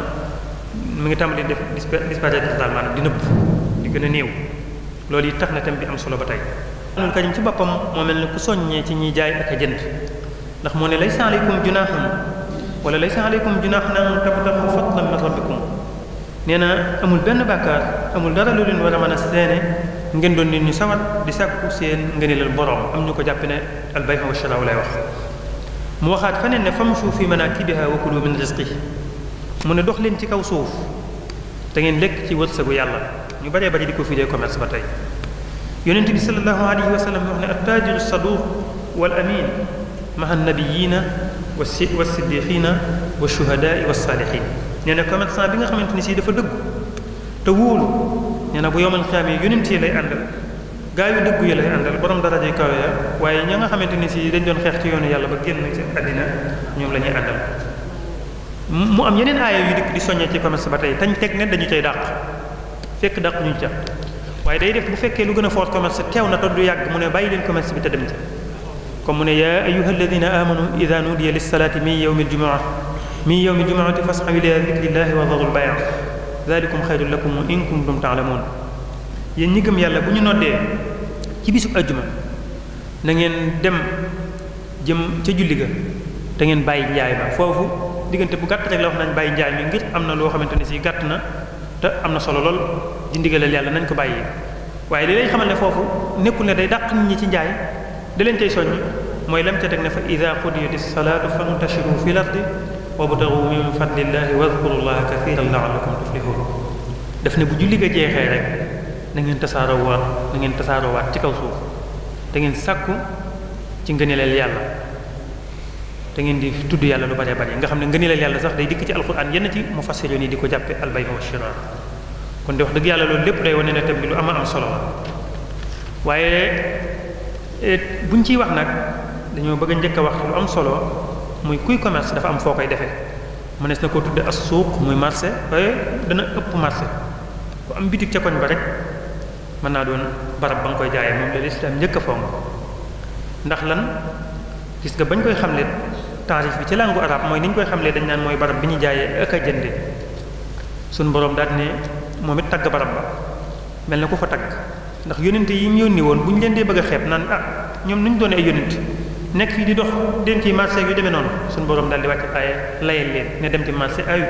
mu ngi tàmbali def disparition maanaam di nëbb di gën a néew loolu yi tax na tam bi am solo ba tey alxuraanul karim ci boppam moo mel ne ku soññee ci ñiy jaay ak ndax moo ne laysa aleykum junaaxun wala laysa aleykum junaaxun an tabtagu fadlan min rabbikum nee na amul benn bàkkaar amul dara lu leen war a mën a seene doon nit ñu sawat di sàkku seen ngëneelal borom am ñu ko jàpp ne albayha wa lay wax mu waxaat neen ne fam famshu fi manaakibiha wa kulu min rizqi mu ne dox leen ci kaw suuf te ngeen lekk ci wërsëgu yàlla ñu baree bari di ko firee commerce ba tey yonent bi sallallahu alayhi wa sallam wax ne attaajiru saduq wal amin maha nabiyina wa siddiqina wa shuhadaai wa saalihin nee na commerçant bi nga xamante ni si dafa dëgg te wóolu nee na bu yomal xiyaamee yonent yi lay àndal gaa yu dëgg yi lay àndal borom daraje kawe ya waaye ña nga xamante ni si dañ doon xeex ci yoonu yàlla ba génn ci àddina ñoom lañuy ñuy àndal mu am yeneen aaya yu dikk di soññee ci commerce ba tey tañ teg ne dañu cay dàq fekk dàq ñu ca waaye day def bu fekkee lu gën a fort commerce teew na te du yàgg mu ne bàyyi leen commerce bi te dem ci comme mu ne yaa ayuha alladina amanu ida nuudiya lissalaati min yawmi aljumuati min yawmi aljumuati fasxaw ila dikrillahi wa daru lbaya dalikum xayrun lakum in kuntum taalamuun yéen ñi gëm yàlla bu ñu noddee ci bisub ajjuma na ngeen dem jëm ca julli ga te ngeen bàyyi njaay ma foofu diggante bu gàtt rek la wax nañ bàyyi njaay mi ngir am na loo xamante ne si gàtt na te am na solo lool di ndigalal yàlla nañ ko bàyyi waaye li lay xamal ne foofu nekkul ne day dàq nit ñi ci njaay di leen cay soññ mooy lam ca teg ne fa ida qudiyati salaatu fantashiru fi lardi wabtagu min fadlillahi wadkuru llaha kathiran laallakum tuflihun daf ne bu julli ga jeexee rek na ngeen tasaaroo waat na ngeen tasaaroo waat ci kaw suuf da ngeen sàkku ci ngëneeleel yàlla dangeen ngeen di tudd yàlla lu bare bare nga xam ne ngëneelal yàlla sax day dikk ci alquran yenn ci mu fassiroon yi di ko jàppe albay wa shirar kon di wax dëgg yàlla loolu lépp day wane ne tam bi lu ama am eh, buñ ciy wax nag dañoo bëgg njëkk a wax lu am solo muy kuy commerce dafa am foo koy defee mënees na koo tudde as suuq muy marché waaye dana ëpp marché ku am bitig ca koñ ba rek mën naa doon barab ba nga koy jaayee moom te lislaam njëkk a fonk ndax lan gis nga bañ koy xamle taarif bi ci langue arabe mooy ni ñu koy xamlee dañ naan mooy barab bi ñu jaayee ak a jënde suñu boroom daal ne moom it tagg barab ba mel na ku fa tagg ndax yónente yi mu yónni woon bu ñu leen dee bëgg a xeeb naan ah ñoom nu ñu doone ay yónent nekk fii di dox dem ci marché yu demee noonu suñ boroom daal di wàcc aaye dem ci marché ayu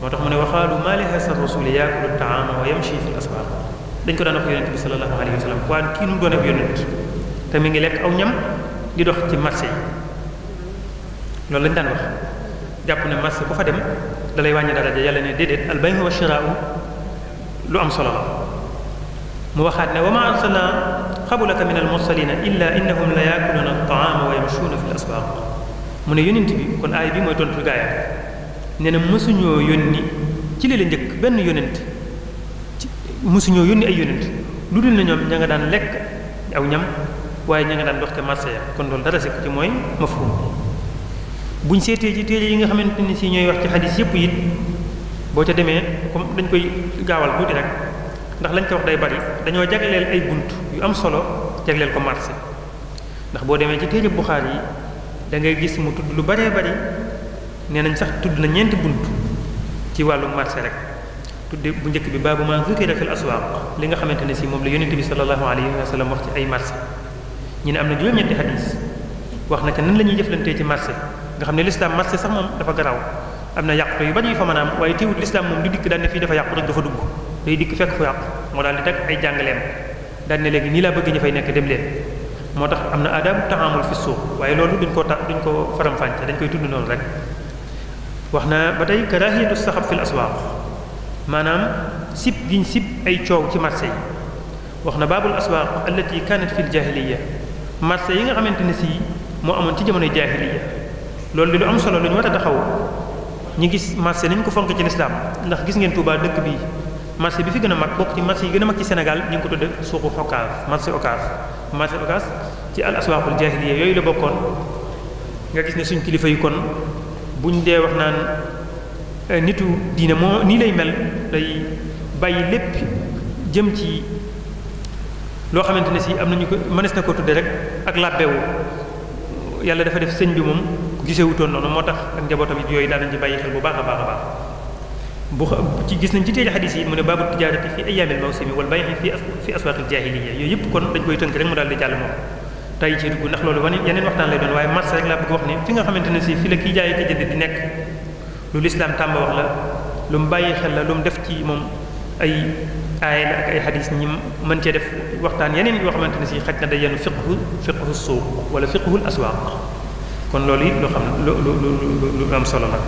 moo tax mu ne waxaalu maa li haasa rasuli yaakulu taama wa yamshi fil asbaaq ko daan wax yónente bi sallallahu alayhi wa te mi ngi lekk aw ñam di dox ci marché yi loolu lañ daan wax jàpp ne marché bu fa dem dalay wàññi daraja yàlla ne déedéet al bay'u wa shiraa'u lu am solo mu waxaat ne wa ma arsalna qablaka min al mursalina illa innahum la yaakuluna at-ta'ama wa fi l mu ne yonent bi kon aay bi mooy tontu gaaya nee na mësuñoo yónni ci li la njëkk benn yonent mësuñoo yónni ay yonent lu dul na ñoom ña nga daan lekk aw ñam waaye ña nga daan dox ca marché ya kon loolu dara si ko ci mooy mafhum buñ seetee ci téere yi nga xamante ni si ñooy wax ci xadis yëpp it boo ca demee comme dañ koy gaawal tuuti rek ndax lañ ko wax day bari dañoo jagleel ay bunt yu am solo jagleel ko marché ndax boo demee ci téere Buxaari yi da ngay gis mu tudd lu baree bari nee nañ sax tudd na ñeenti bunt ci wàllu marché rek tudde bu njëkk bi baabu maa ma zukira fil aswaaq li nga xamante ne si moom la yonente bi sallallahu alayhi wa sallam wax ci ay marché ñu ne am na juróom-ñetti xadis wax na ca nan la ñuy jëflantee ci marché nga xam ne lislaam marché sax moom dafa garaaw am na yàqute yu bari yu fa mën a am waaye teewul lislaam moom du dikk daan ne fii dafa yàqu rek dafa dugg day dikk fekk fu yàqu moo daal di teg ay jàngaleem daan ne léegi nii laa bëgg ñu fay nekk dem leen moo tax am na aadaabu taamul fi suuq waaye loolu duñ koo ta duñ ko faram-fàcce dañ koy tudd noonu rek wax na ba tey karahiyatu saxab fil aswaaq maanaam sib giñ sib ay coow ci marché yi wax na baabul aswaaq allati kanat fil jaahiliya marché yi nga xamante ne si moo amoon ci jamonoy jaahiliya loolu di lu am solo lu ñu war a taxaw ñu gis marché nañ ko fonk ci lislaam ndax gis ngeen Touba dëkk bii marché bi fi gën a mag bokk ci marché yi gën a mag ci Sénégal ñu ngi ko tudde suuqu Ocass marché Ocass marché Ocass ci al aswaaqul jaahiliya yooyu la bokkoon nga gis ne suñ kilifa yi kon buñ dee wax naan eh, nitu diine moo nii lay mel day bàyyi lépp jëm ci loo xamante ne si am nañu ko mënees na ko tudde rek ak làbbewu yàlla dafa def sëñ bi moom gisewutoon noonu moo tax ak njabootam it yooyu daanañ ci bàyyi xel bu baax a baax a baax bu ci gis nañ ci téere xadis yi mu ne baabu tijaarati fi ayyaamil mawsimi wal bay'i fi fi aswaaqil jaahiliyya yooyu yëpp kon wax ni fi nga xamante ne fi la kii jaay ki jënd di la lu mu bàyyi xel la lu def ci moom ay aaya la ak ay xadis ñi mën cee def waxtaan yeneen yoo xamante ne si xaj na day yenu fiqhu fiqhu suuq wala fiqhul aswaaq kon loolu it lu xam lu lu lu lu am solo la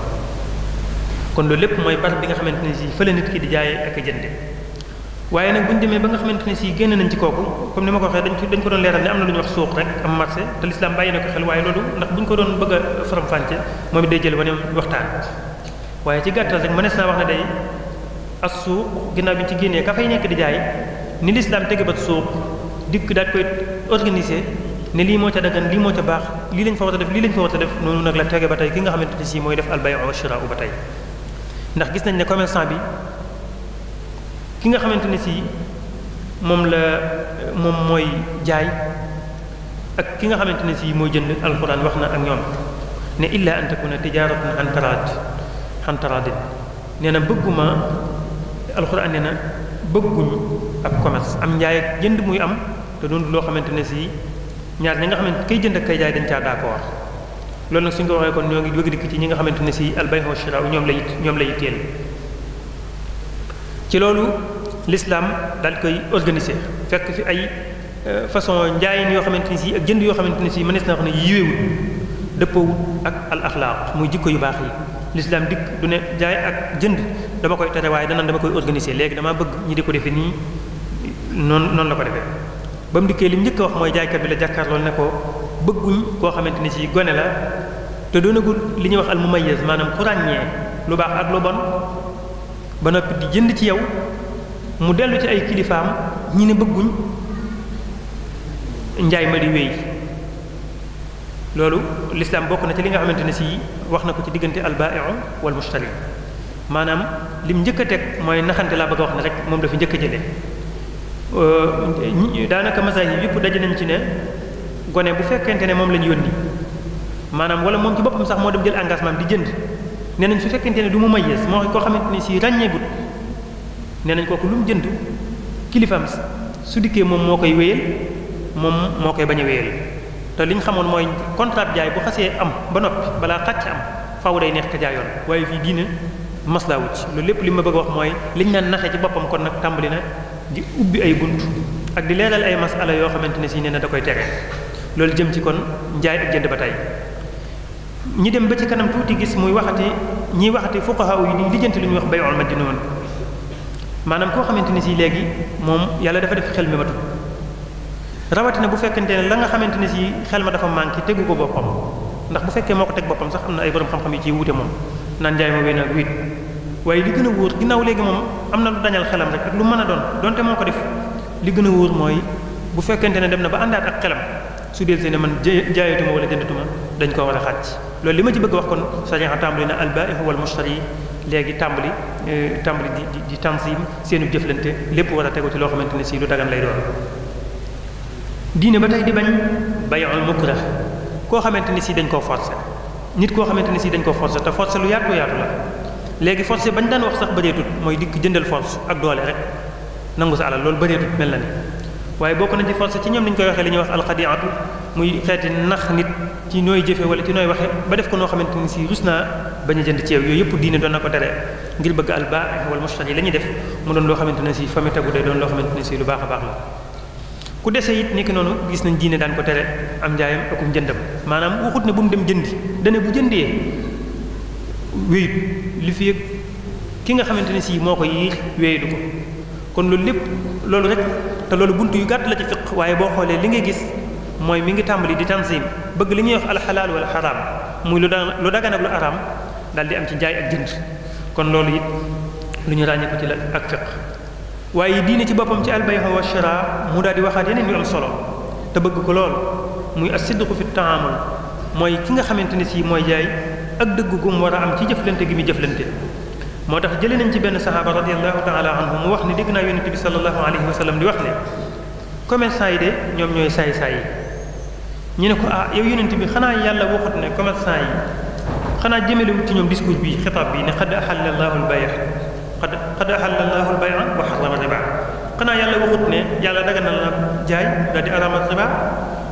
kon loolu lépp mooy barab bi nga xamante ne si fële nit ki di jaay ak jënde waaye nag bu ñu demee ba nga xamante ne sii génn nañ ci kooku comme ni ma ko waxee dañ ko dañ ko doon leeral ne am na lu ñuy wax suuq rek am marché te lislaam bàyyi na ko xel waaye loolu ndax bu ñu ko doon bëgg a faram-fàcce moom it day jël waneem waxtaan waaye ci gàttal rek mënees naa wax ne day ak suuq ginnaaw bi ci génnee ka fay nekk di jaay ni lislaam tege ba suuq dikk daal koy organiser ne lii moo ca dagan lii moo ca baax lii lañ fa war a def lii lañ fa war a def noonu nag la tege ba tey ki nga xamante ne si mooy def albay wa shira ba tey ndax gis nañ ne commerçant bi ki nga xamante ne sii moom la moom mooy jaay ak ki nga xamante ne sii mooy jënd alquran wax na ak ñoom ne illa an takuna tijaratun an taraad an taraadin nee na bëgguma alquran nee na bëgguñ ak commerce am njaay ak jënd muy am te doon loo xamante ne si ñaar ñi nga xamante kay jënd ak kay jaay dañ caa d'accord loolu nag suñ ko waxee kon ñoo ngi bëgg dikk ci ñi nga xamante ne si albayhu wa shiraa'u ñoom lay ñoom lay itteel ci loolu l'islam daal koy organiser fekk fi ay euh, façon njaayin yoo xamante ne sii ak jënd yoo xamante ne si mënees na wax ne yiweewul dëppoowul ak al axlaaq muy jikko yu baax yi l'islam dikk du ne jaay ak jënd dama koy tere waaye dana dama koy organiser léegi dama bëgg ñi di ko defee nii noonu noonu la ko defee ba mu dikkee li mu njëkk wax mooy jaaykat bi la jàkkaarlool ne ko bëgguñ koo xamante ni ci gone la te doonagul li ñuy wax al mumayyiz maanaam ku ràññee lu baax ak lu bon ba noppi di jënd ci yow mu dellu ci ay kilifaam ñi ne bëgguñ njaay ma di wéy loolu lislaam bokk na ci li nga xamante ne sii wax na ko ci diggante al baa'i'u wal mushtari maanaam lim njëkk a teg mooy naxante laa bëgg a wax ne rek moom dafa njëkk a jële Euh, daanaka yi yëpp daje nañ ci ne gone bu fekkente ne moom la ñu yónni maanaam wala moom ci boppam sax moo dem jël engagement di jënd nee nañ su fekkente ne du mu mayees moo koo xamante ne si ràññeegut nee nañ kooku lu mu jënd kilifaam su dikkee moom moo koy wéyal moom moo koy bañ a wéyal te li xamoon mooy contrat jaay bu xasee am ba noppi balaa xàcc am faaw day neex ka jaayoon waaye fii diine maslaa wu ci loolu lépp li ma bëgg a wax mooy liñ naan naxe ci boppam kon nag tàmbali na di ubbi ay bunt ak di leeral ay masala yoo xamante ne si nee na da koy tere loolu jëm ci kon njaay ak jënd ba tey ñi dem ba ci kanam tuuti gis muy waxati ñiy waxati fuqaha yi di lijjanti lu ñuy wax bay bay'ul madinun maanaam koo xamante ne si léegi moom yàlla dafa def xel mi matu rawatina bu fekkente ne la nga xamante ne si xel ma dafa manqué tegu ko boppam ndax bu fekkee moo ko teg boppam sax am na ay borom xam-xam yi ciy wuute moom naan njaay ma wéy na ak waaye li gën a wóor ginnaaw léegi moom am na lu dañal xelam rek ak lu mën a doon donte moo ko def li gën a wóor mooy bu fekkente ne dem na ba àndaat ak xelam su dee see ne man jaayatuma wala jëndatuma dañ koo war a xàcc loolu li ma ci bëgg wax kon sariya tàmbali na albaa'ihu wal léegi tàmbali euh, tàmbali di di di seenu jëflante lépp war a loo xamante ne si lu dagan lay doon. diine ba tey di bañ bay'ul mukrah koo xamante ne si dañ koo forcer nit koo xamante ne sii dañ koo forcer te forcer lu yaatu yaatu la. léegi force bañ daan wax sax bëreetut mooy dikk jëndal force ak doole rek nangu sa alal loolu bëreetut mel na ni waaye bokk nañ ci force ci ñoom ni koy waxee li ñuy wax alxadiatu muy xeeti nax nit ci nooy jëfe wala ci nooy waxee ba def ko noo xamante ni si rus naa bañ jënd ci yow yooyu yëpp diine doon na ko tere ngir bëgg al baax wala mustari la ñuy def mu doon loo xamante ne si fa mu tegu day doon loo xamante ne lu baax a baax la ku dese it ni ki noonu gis nañ diine daan ko tere am njaayam akum jëndam maanaam waxut ne bu mu dem jëndi dane bu jëndee wéyut li fi yëg ki nga xamante ne sii moo ko yéex wéyatu ko kon loolu lépp loolu rek te loolu bunt yu gàtt la ci fiq waaye boo xoolee li ngay gis mooy mi ngi tàmbali di tanzim bëgg li ñuy wax alxalaal wala xaraam muy lu lu dagan lu araam dal di am ci jaay ak jënd kon loolu it lu ñu ràññee ci la ak fiq waaye diine ci boppam ci albayha wa shira mu daal waxaat yeneen yu am solo te bëgg ko lool muy asidqu fi taamul mooy ki nga xamante ne sii mooy jaay ak dëgg gu mu war a am ci jëflante gi mu jëflante moo tax jëlee nañ ci benn saxaaba radiyallahu taala anhu mu wax ni dégg naa yonent bi sallallahu alayhi wa sallam di wax ne yi de ñoom ñooy saay-saay yi ñu ne ko ah yow yonent bi xanaa yàlla waxut ne commerçant yi xanaa jëmelewu ci ñoom discours bi xitaab bi ne xad axalla allahu albaya xad xad axalla allahu albaya wa xarama riba xanaa yàlla waxut ne yàlla daga na la jaay daal di arama riba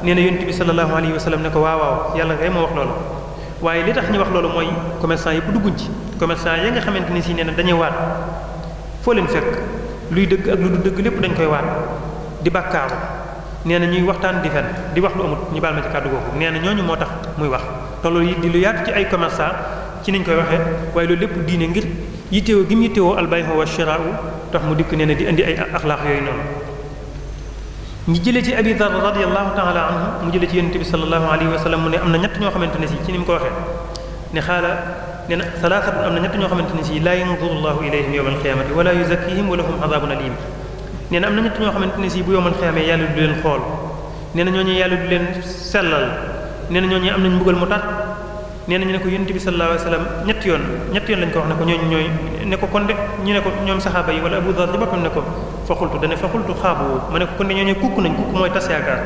nee na yonent bi sallallahu alayhi wa sallam ne ko waaw waaw yàlla kay moo wax loolu waaye li tax ñu wax loolu mooy commerçant yëpp dugguñ ci commerçant ya nga xamante ni si nee na dañuy waat foo leen fekk luy dëgg ak lu du dëgg lépp dañ koy waat di bàkkaaru nee na ñuy waxtaan di fen di wax lu amut ñu baal ma ci kàddu googu nee na ñooñu moo tax muy wax te yi di lu yaatu ci ay commerçant ci niñ koy waxee waaye loolu lépp diine ngir yittewoo gi mu yittewoo albayho wa shiraa'u tax mu dikk nee na di indi ay axlaax yooyu noonu ñu jëlee ci abi dar radiallahu taala anhu mu jëlee ci yonente bi salallahu alayhi wa mu ne am na ñett ñoo xamante ne si ci ni mu ko waxee ne xaala nee na salaasatun am na ñett ñoo xamante ne si laa yanzuru llahu ilayhim yowma alqiyamati wala si bu yowmal xiyaamee yàlla du leen xool nee na ñooñu yàlla du leen sellal nee na ñooñu am nañ mbugal mu nee na ñu ne ko yonent bi sallallahu alayhi wasallam ñetti yoon ñetti yoon lañ ko wax ne ko ñooñu ñooy ne ko kon de ñu ne ko ñoom saxaaba yi wala Abu Dhar li boppam ne ko faxultu dana faxultu xaabu ma ne ko kon de ñooñu kukk nañ kukk mooy tas yaakaar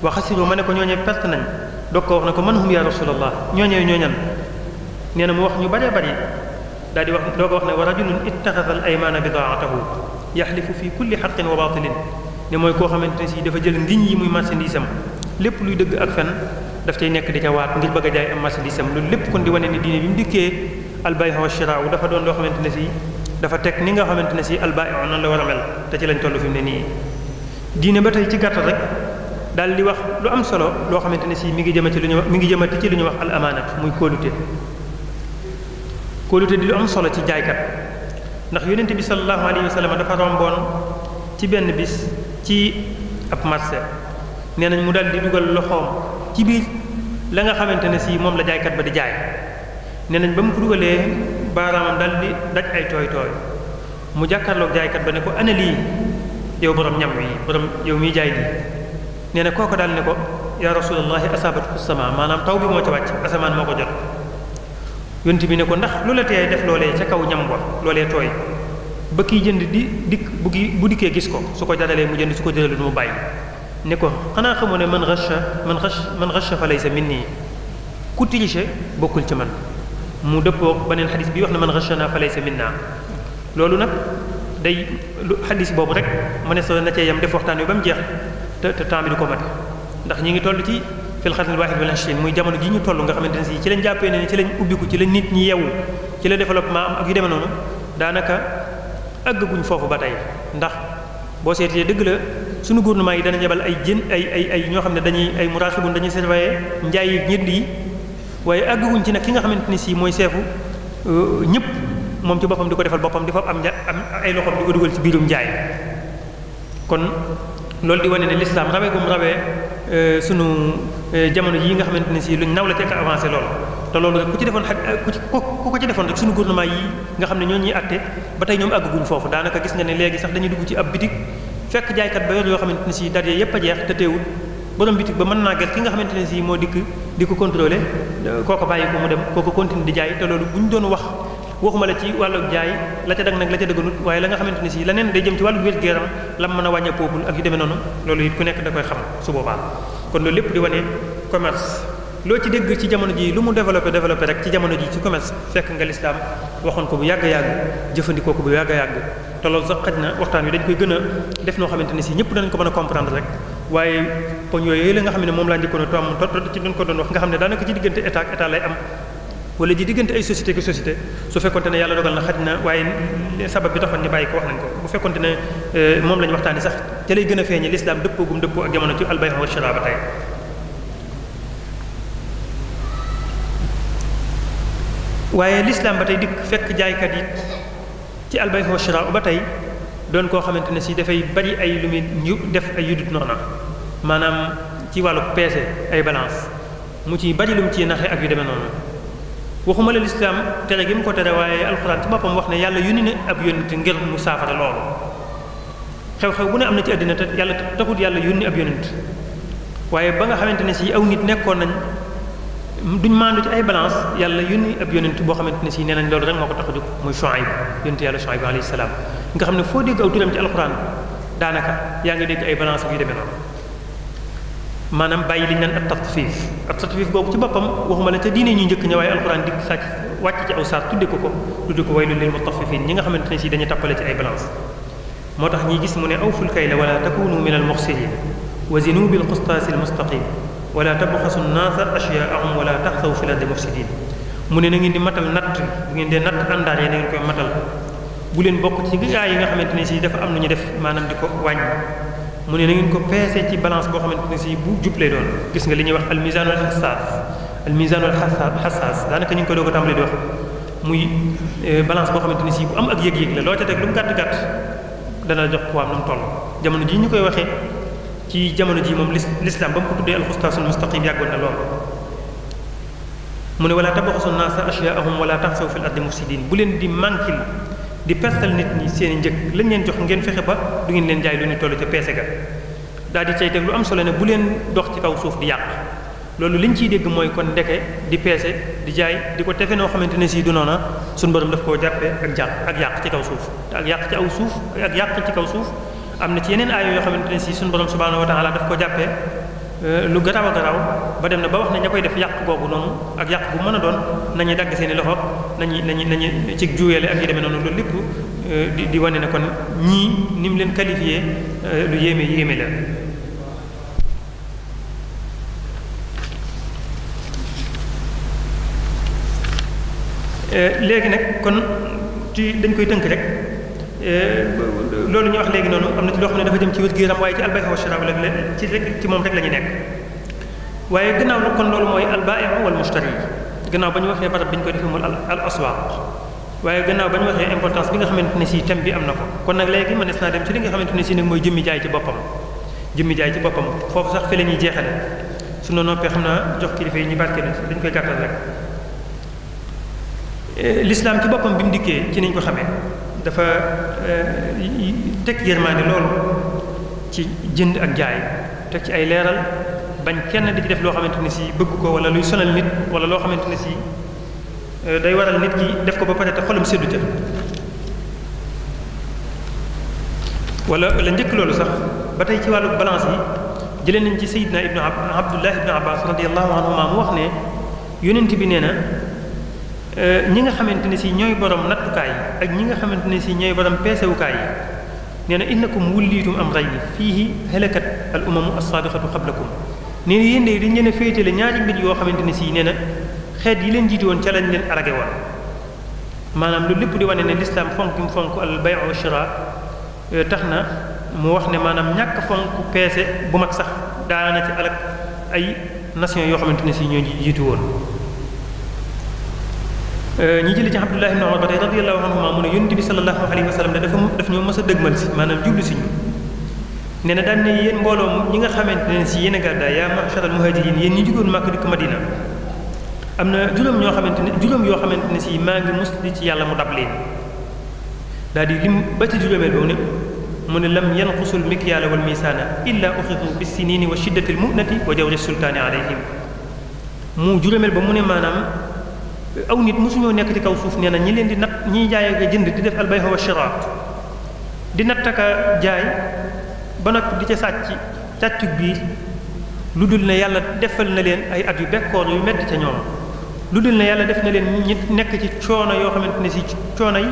wa xasiru ma ne ko ñooñu perte nañ doog ko wax ne ko man hum ya rasulallah ñooñu ñooñan nee na mu wax ñu bëree bëri daal di wax doo ko wax ne war a wa rajulun ittaxada al aymana bidaatahu yaxlifu fi kulli xaqin wa baatilin ne mooy koo xamante ne si dafa jël ngiñ yi muy marchandise am lépp luy dëgg ak fen daf cay nekk di ca waat ngir bëgg a jaay am marchandise am loolu lépp kon di wane ne diine bi mu dikkee albayhu wa shiraaw dafa doon loo xamante ne si dafa teg ni nga xamante ne si albayhu noonu la war a mel te ci lañ toll fi mu ne nii. diine ba tey ci gàttal rek daal di wax lu am solo loo xamante ne sii mi ngi jëmati lu ñu mi ngi jëmati ci lu ñu wax al amaanat muy kóolute kóolute di lu am solo ci jaaykat ndax yonente bi sallallahu alayhi wa sallam dafa romboon ci benn bis ci ab marché nee nañ mu daal di dugal loxoom. ci biir la nga xamante ne sii moom la jaaykat ba di jaay nee nañ ba mu ko dugalee baaraamam dal di daj ay tooy tooy mu jàkkaarloog jaaykat ba ne ko ana lii yow borom ñam wi borom yow miy jaay lii nee na kooko daal ne ko yaa rasulallahi asaabatu sama maanaam taw bi moo ca wàcc asamaan moo ko jot yonent bi ne ko ndax lu la tee def loolee ca kaw ñam wa loolee tooy ba kiy jënd di dikk bu bu dikkee gis ko su ko jaralee mu jënd su ko jëralee du mu bàyyi ne ko xanaa xamoo ne man xasha man xasha man xasha fa laysa minni ku triché bokkul ci man mu dëppoo beneen xadis bi wax na man xashana fa laysa minna loolu nag day lu xadis boobu rek mu ne so na cee yam def waxtaan wi ba mu jeex te te temps bi du ko mat ndax ñi ngi toll ci fil xarnil waahid wal ishriin muy jamono ji ñu toll nga xamante ne si ci lañ jàppee ne ci lañ ubbiku ci la nit ñi yeewu ci la développement am ak yu demee noonu daanaka àggaguñ foofu ba tey ndax boo seetee dëgg la. sunu gouvernement yi dana yebal ay jën ay ay ay ñoo xam ne dañuy ay muraaxibun dañuy surveiller njaay yi ñënd yi waaye àgguñ ci nag ki nga xamante ni si mooy seefu euh, ñëpp moom ci boppam di ko defal boppam di fa am nja am ay loxoom di ko dugal ci biirum njaay kon loolu di wane ne lislaam rawee gum rawee euh, sunu euh, jamono yi nga xamante ne si luñ naw la tekk avancé lool te loolu rek ku ci defoon ku ci ku ko ci defoon rek sunu gouvernement yi nga xam ne ñoo ñuy àtte ba tey ñoom àgguñ foofu daanaka gis nga ne léegi sax dañuy dugg ci ab bitik fekk jaaykat ba yor yoo xamante ne si daje yépp a jeex te teewul borom bitig ba mën naa ger ki nga xamante ne si moo dikk di ko contrôlé euh, kooko bàyyi ko mu dem kooko continue di jaay te loolu bu ñu doon wax waxuma la ci wàllu jaay la ca dag nag la ca dëgganut waaye la nga xamante ne si leneen day jëm ci wàllu wér géeram la mën a wàññee poobul ak yu demee noonu loolu it ku nekk da koy xam su boobaa kon loolu lépp di wane commerce loo ci dégg ci jamono ji lu mu développé développé rek ci jamono ji ci commerce fekk nga lislaam waxoon ko bu yàgg-yàgg jëfandikoo ko bu yàgg-yàgg te loolu sax xaj na waxtaan wi dañ koy gën def noo xamante ne si ñëpp danañ ko mën a comprendre rek waaye poñ yooyu la nga xam ne moom laa njëkkoon a tom tot ci doon ko doon wax nga xam ne daanaka ci diggante état ak état lay am wala ji diggante ay société que société su fekkonte ne yàlla dogal na xaj na waaye sabab bi taxoon ñu bàyyi ko wax nañ ko bu fekkonte ne euh, moom lañu waxtaan waxtaanee sax ca lay gën a feeñe lislaam dëppoo gum dëppoo ak jamono ci albayha wa shara ba tey waaye tey dikk fekk jaaykat yi ci albayhu shira ba tey doon koo xamante ne si dafay bari ay lu muy def ay yudut noona maanaam ci wàllu peese ay balance mu ci bari lu mu ciy naxe ak yu demee noonu waxuma la lislaam tere gi mu ko tere waaye alxuraan ci boppam wax ne yàlla yunni na ab yónent ngir mu saafara loolu xew-xew bu ne am na ci àddina te yàlla taxut yàlla yónni ab yónent waaye ba nga xamante ne si aw nit nekkoon nañ duñ maandu ci ay balance yàlla yónni ab yonent boo xamante ne si nee nañ loolu rek moo ko tax a jóg muy Shuayb yonent yàlla Shuayb alayhi salaam nga xam ne foo dégg aw turam ci alxuraan daanaka yaa ngi dégg ay balance yu demee noonu maanaam bàyyi li ñu naan ab boobu ci boppam waxuma la ca diine ñuy njëkk ña waaye alxuraan dikk sàcc wàcc ci aw saar tudde ko ko tudde ko waylul lil mutaffifin ñi nga xamante ne si dañu tappale ci ay balance moo tax ñi gis mu ne awful kayla wala takunu min al muxsinin wa zinu bil wala tabxasu naasa asyaahum wala taxsaw fi lardi mufsidin mu ne na ngeen di matal natt bu ngeen dee natt àndaale na ngeen koy matal bu leen bokk ci gaa yi nga xamante ni sii dafa am lu ñu def maanaam di ko wàññi mu ne na ngeen ko peese ci balance boo xamante ne si bu jub lay doon gis nga li ñuy wax almisanul xassaas almisanul xassaas daanaka ñu ngi koy doog a tàmbali di wax muy eh, balance boo xamante ne si bu am ak yëg-yëg la loo ca teg lu mu gàtt gàtt dana jox poids am na mu jamono jii ñu koy waxee. ci jamono ji moom lislaam ba mu ko tuddee alxustaasul mustaqim yàggoon na lool mu ne wala tabaxasu naasa asyaahum wala taxsaw fil ardi mufsidin bu leen di manquil di pestal nit ñi seen i njëkk lañ leen jox ngeen fexe ba du ngeen leen jaay lu ñu toll ca peese ga daal di cay teg lu am solo ne bu leen dox ci kaw suuf di yàq loolu liñ ciy dégg mooy kon ndeke di peese di jaay di ko tefe noo xamante ne sii du noona suñu borom daf koo jàppee ak jàq ak yàq ci kaw suuf te ak yàq ci aw suuf ak yàq ci kaw suuf am na ci yeneen aaya yoo xamante ne si suñu borom a wa taala daf ko jàppee euh, lu garaaw a garaaw ba dem na ba wax ne ña koy def yàq googu noonu ak yàq gu mën a doon nañuy dagg seen i loxo nañu nañu nañu ci juweele ak yi demee noonu loolu lépp euh, di wane ne kon ñii nim leen qualifié euh, lu yéeme yéeme la. léegi nag kon ci dañ koy tënk rek. Euh, loolu ñu wax léegi noonu am na ci loo xam ne dafa jëm ci wér gu yaram waaye ci albay wa sharaab la ci rek ci moom rek la nekk waaye gannaaw lu kon loolu mooy albaa'i'u wal mushtari gannaaw ba ñu waxee barab bi ñu ko defee moom al aswaaq waaye gannaaw ba ñu waxee importance bi nga xamante ne sii thème bi am na ko kon nag léegi mënees naa dem ci li nga xamante ne si nag mooy jëmmi jaay ci boppam jëmmi jaay ci boppam foofu sax fi la ñuy jeexale su ñu noppee xam naa jox kilifa yi ñu barke na dañ koy gàttal rek euh, l'islam ci bi mu dikkee ci niñ ko xamee dafa euh, teg yërmaande loolu ci jënd ak jaay te ci ay leeral bañ kenn di ci def loo xamante ni si bëgg ko wala luy sonal nit wala loo xamante ni si euh, day waral nit ki def ko ba pare te xolam seddu ca wala la njëkk loolu sax ba tey ci wàllu balance yi jëlee nañ ci sayidna ibnu abdullah ibnu abbas radiallahu anhuma mu wax ne yonent bi nee na Eh, ñi nga xamante ne si ñooy borom nattukaay ak ñi nga xamante ne si ñooy borom peesewukaay yi nee na ko innakum wulliitum am rey fiihi halakat al umamu assaabixatu qablakum nee na yéen de dañ leen a féetale ñaari mbir yoo xamante ne si nee na xeet yi leen jiite woon ca lañ leen arage woon maanaam loolu lépp di wane ne lislaam fonk mu fonk al bay wa shira eh, tax na mu wax ne maanaam ñàkk fonk peese bu mag sax daana ci alak ay nation yoo xamante ne si ñoo jiitu woon Euh, ñi jëli ci Abdullah ibn Umar mu ne yonent bi sallallahu alayhi wa sallam ne dafa ñoo mës a dëgmal si maanaam jublu si na daan ne mbooloo ñi nga xamante ne si yéen a gàddaay yaa ma'shar al-muhajirin yéen ñi jugoon Màkka dikk Madina am na juróom ñoo xamante ne juróom yoo xamante ne si maa ngi mus ci yàlla mu dab leen daal di lim ba ci juróomeel boobu ne mu ne lam yanqusul mikyaala wal misaana illa uxitu bis sinini wa shiddatil mu'nati wa jawri sultaani alayhim mu juróomeel ba mu ne aw nit mosuñoo nekk ci kaw suuf nee na ñi leen di nat ñiy jaay ak jënd di def albayha wa shira di natt ak jaay ba noppi di ca sàcc càccug biir lu dul ne yàlla defal na leen ay at yu bekkoor yu metti ca ñoom lu dul ne yàlla def na leen ñi nekk ci coono yoo xamante ne si coono yi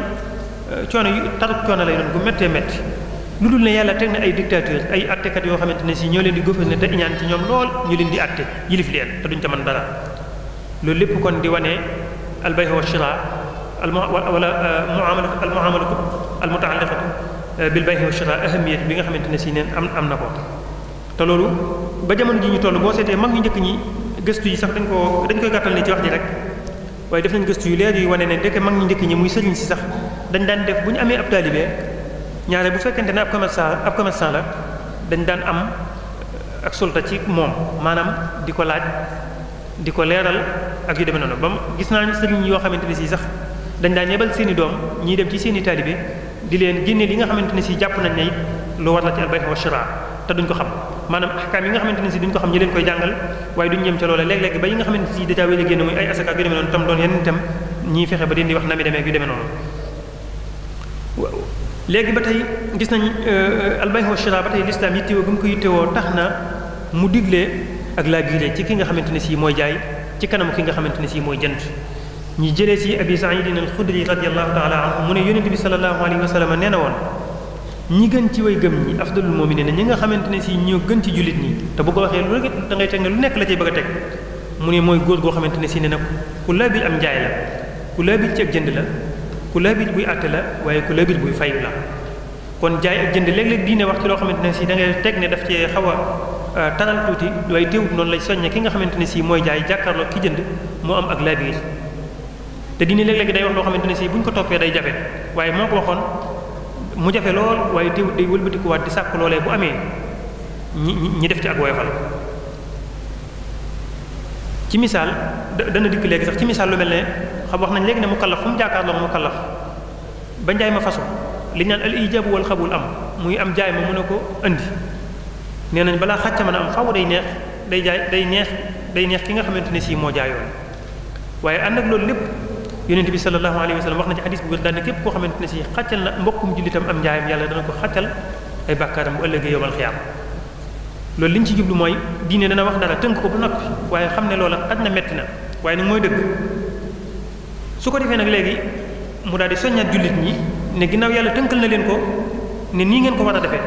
euh, coono yu taruk coono lay doon bu méttee métti lu dul ne yàlla teg na ay dictateur ay attekat yoo xamante ne si ñoo leen di gouverner te iñaan ci ñoom lool ñu leen di atte yilif leen te duñ ca dara albayha wa shira wala muamala almuamalatu almutaalliqatu bil bayhi wa shira ahamiyat bi nga xamante ne si neen am am na ko te loolu ba jamono ji ñu toll boo seetee mag ñu njëkk ñi gëstu yi sax dañ koo dañ koy gàttal ni ci wax ji rek waaye def nañ gëstu yu leer yu wane ne ndeke mag ñu njëkk ñi muy sëriñ si sax dañ daan def bu ñu amee ab ñaare bu fekkente ne ab commerçant ab commerçant dañ daan am ak sulta ci moom maanaam di ko laaj di ko leeral ak yu demee noonu ba gis naa sëriñ yoo xamante ne sii sax dañ daan yebal seen i doom ñii dem ci seeni i taalibe di leen génne li nga xamante ne sii jàpp nañ ne it lu war la ci albayha wa shira te duñ ko xam maanaam ahkaam yi nga xamante ne si duñ ko xam ñi leen koy jàngal waaye duñ yem ca loola léeg-léeg ba yi nga xamante ne si dèjà fexe ba dindi wax na mi demee yu demee ba tey gis nañ euh, euh, albayha wa shira ba tey lislaam yittewoo gu mu ko yittewoo tax na mu digle ak laa biire ci ki nga xamante ne sii mooy jaay ci kanam ki nga xamante ne si mooy jant ñu jëlee si abi saidin al xudri radiallahu taala anhu mu ne yonente bi salallahu alayhi wa nee na woon ñi gën ci way gëm ñi afdalul mu'minin ñi nga xamante ne si ñoo gën ci jullit ñi te bu ko waxee lu rek da teg ne lu nekk la ci bëgg a teg mu ne mooy góor goo xamante ne si ne na ku laabil am njaay la ku laabil ci ak jënd la ku laabil buy àtte la waaye ku laabil buy fayu la kon jaay ak jënd léeg-léeg wax ci loo xamante ne si da ngay teg ne daf cee xaw Euh, taral tuuti waaye teewut noonu lay soññe ki nga xamante ne si mooy jaay jàkkaarloo ki jënd moo am ak laabiir te dina léeg-léeg day wax loo xamante ne si bu ñu ko toppee day jafe waaye moo ko waxoon mu jafe lool waaye teewut day wëlbatikuwaat di sàkk loolee bu amee ñi ñi def ci ak woyofal ci misaal dana dikk léegi sax ci misaal lu mel ne xam wax nañ léegi ne mu kallaf fu mu jàkkaarloo mu kallaf ba njaay ma fasu li ñu naan al ijabu wal xabul am muy jaay ma mën a ko andi nee nañ balaa xàcc mën a am faaw day neex day jaay day neex day neex ki nga xamante ne sii moo jaayoon waaye ànd ak loolu lépp yonent bi sallallahu alayhi wa sallam wax na ci hadis bu gën daal ne képp koo xamante ne sii na mbokkum jullitam am njaayam yàlla dana ko xàccal ay bàkkaaram bu ëllëgee yowmal xiyaam loolu li ñu ci jublu mooy diine dana wax dara tënk ko ba nag waaye xam ne loola xaj na metti na waaye nag mooy dëgg su ko defee nag léegi mu daal di soññaat jullit ñi ne ginnaaw yàlla tënkal na leen ko ne nii ngeen ko war a defee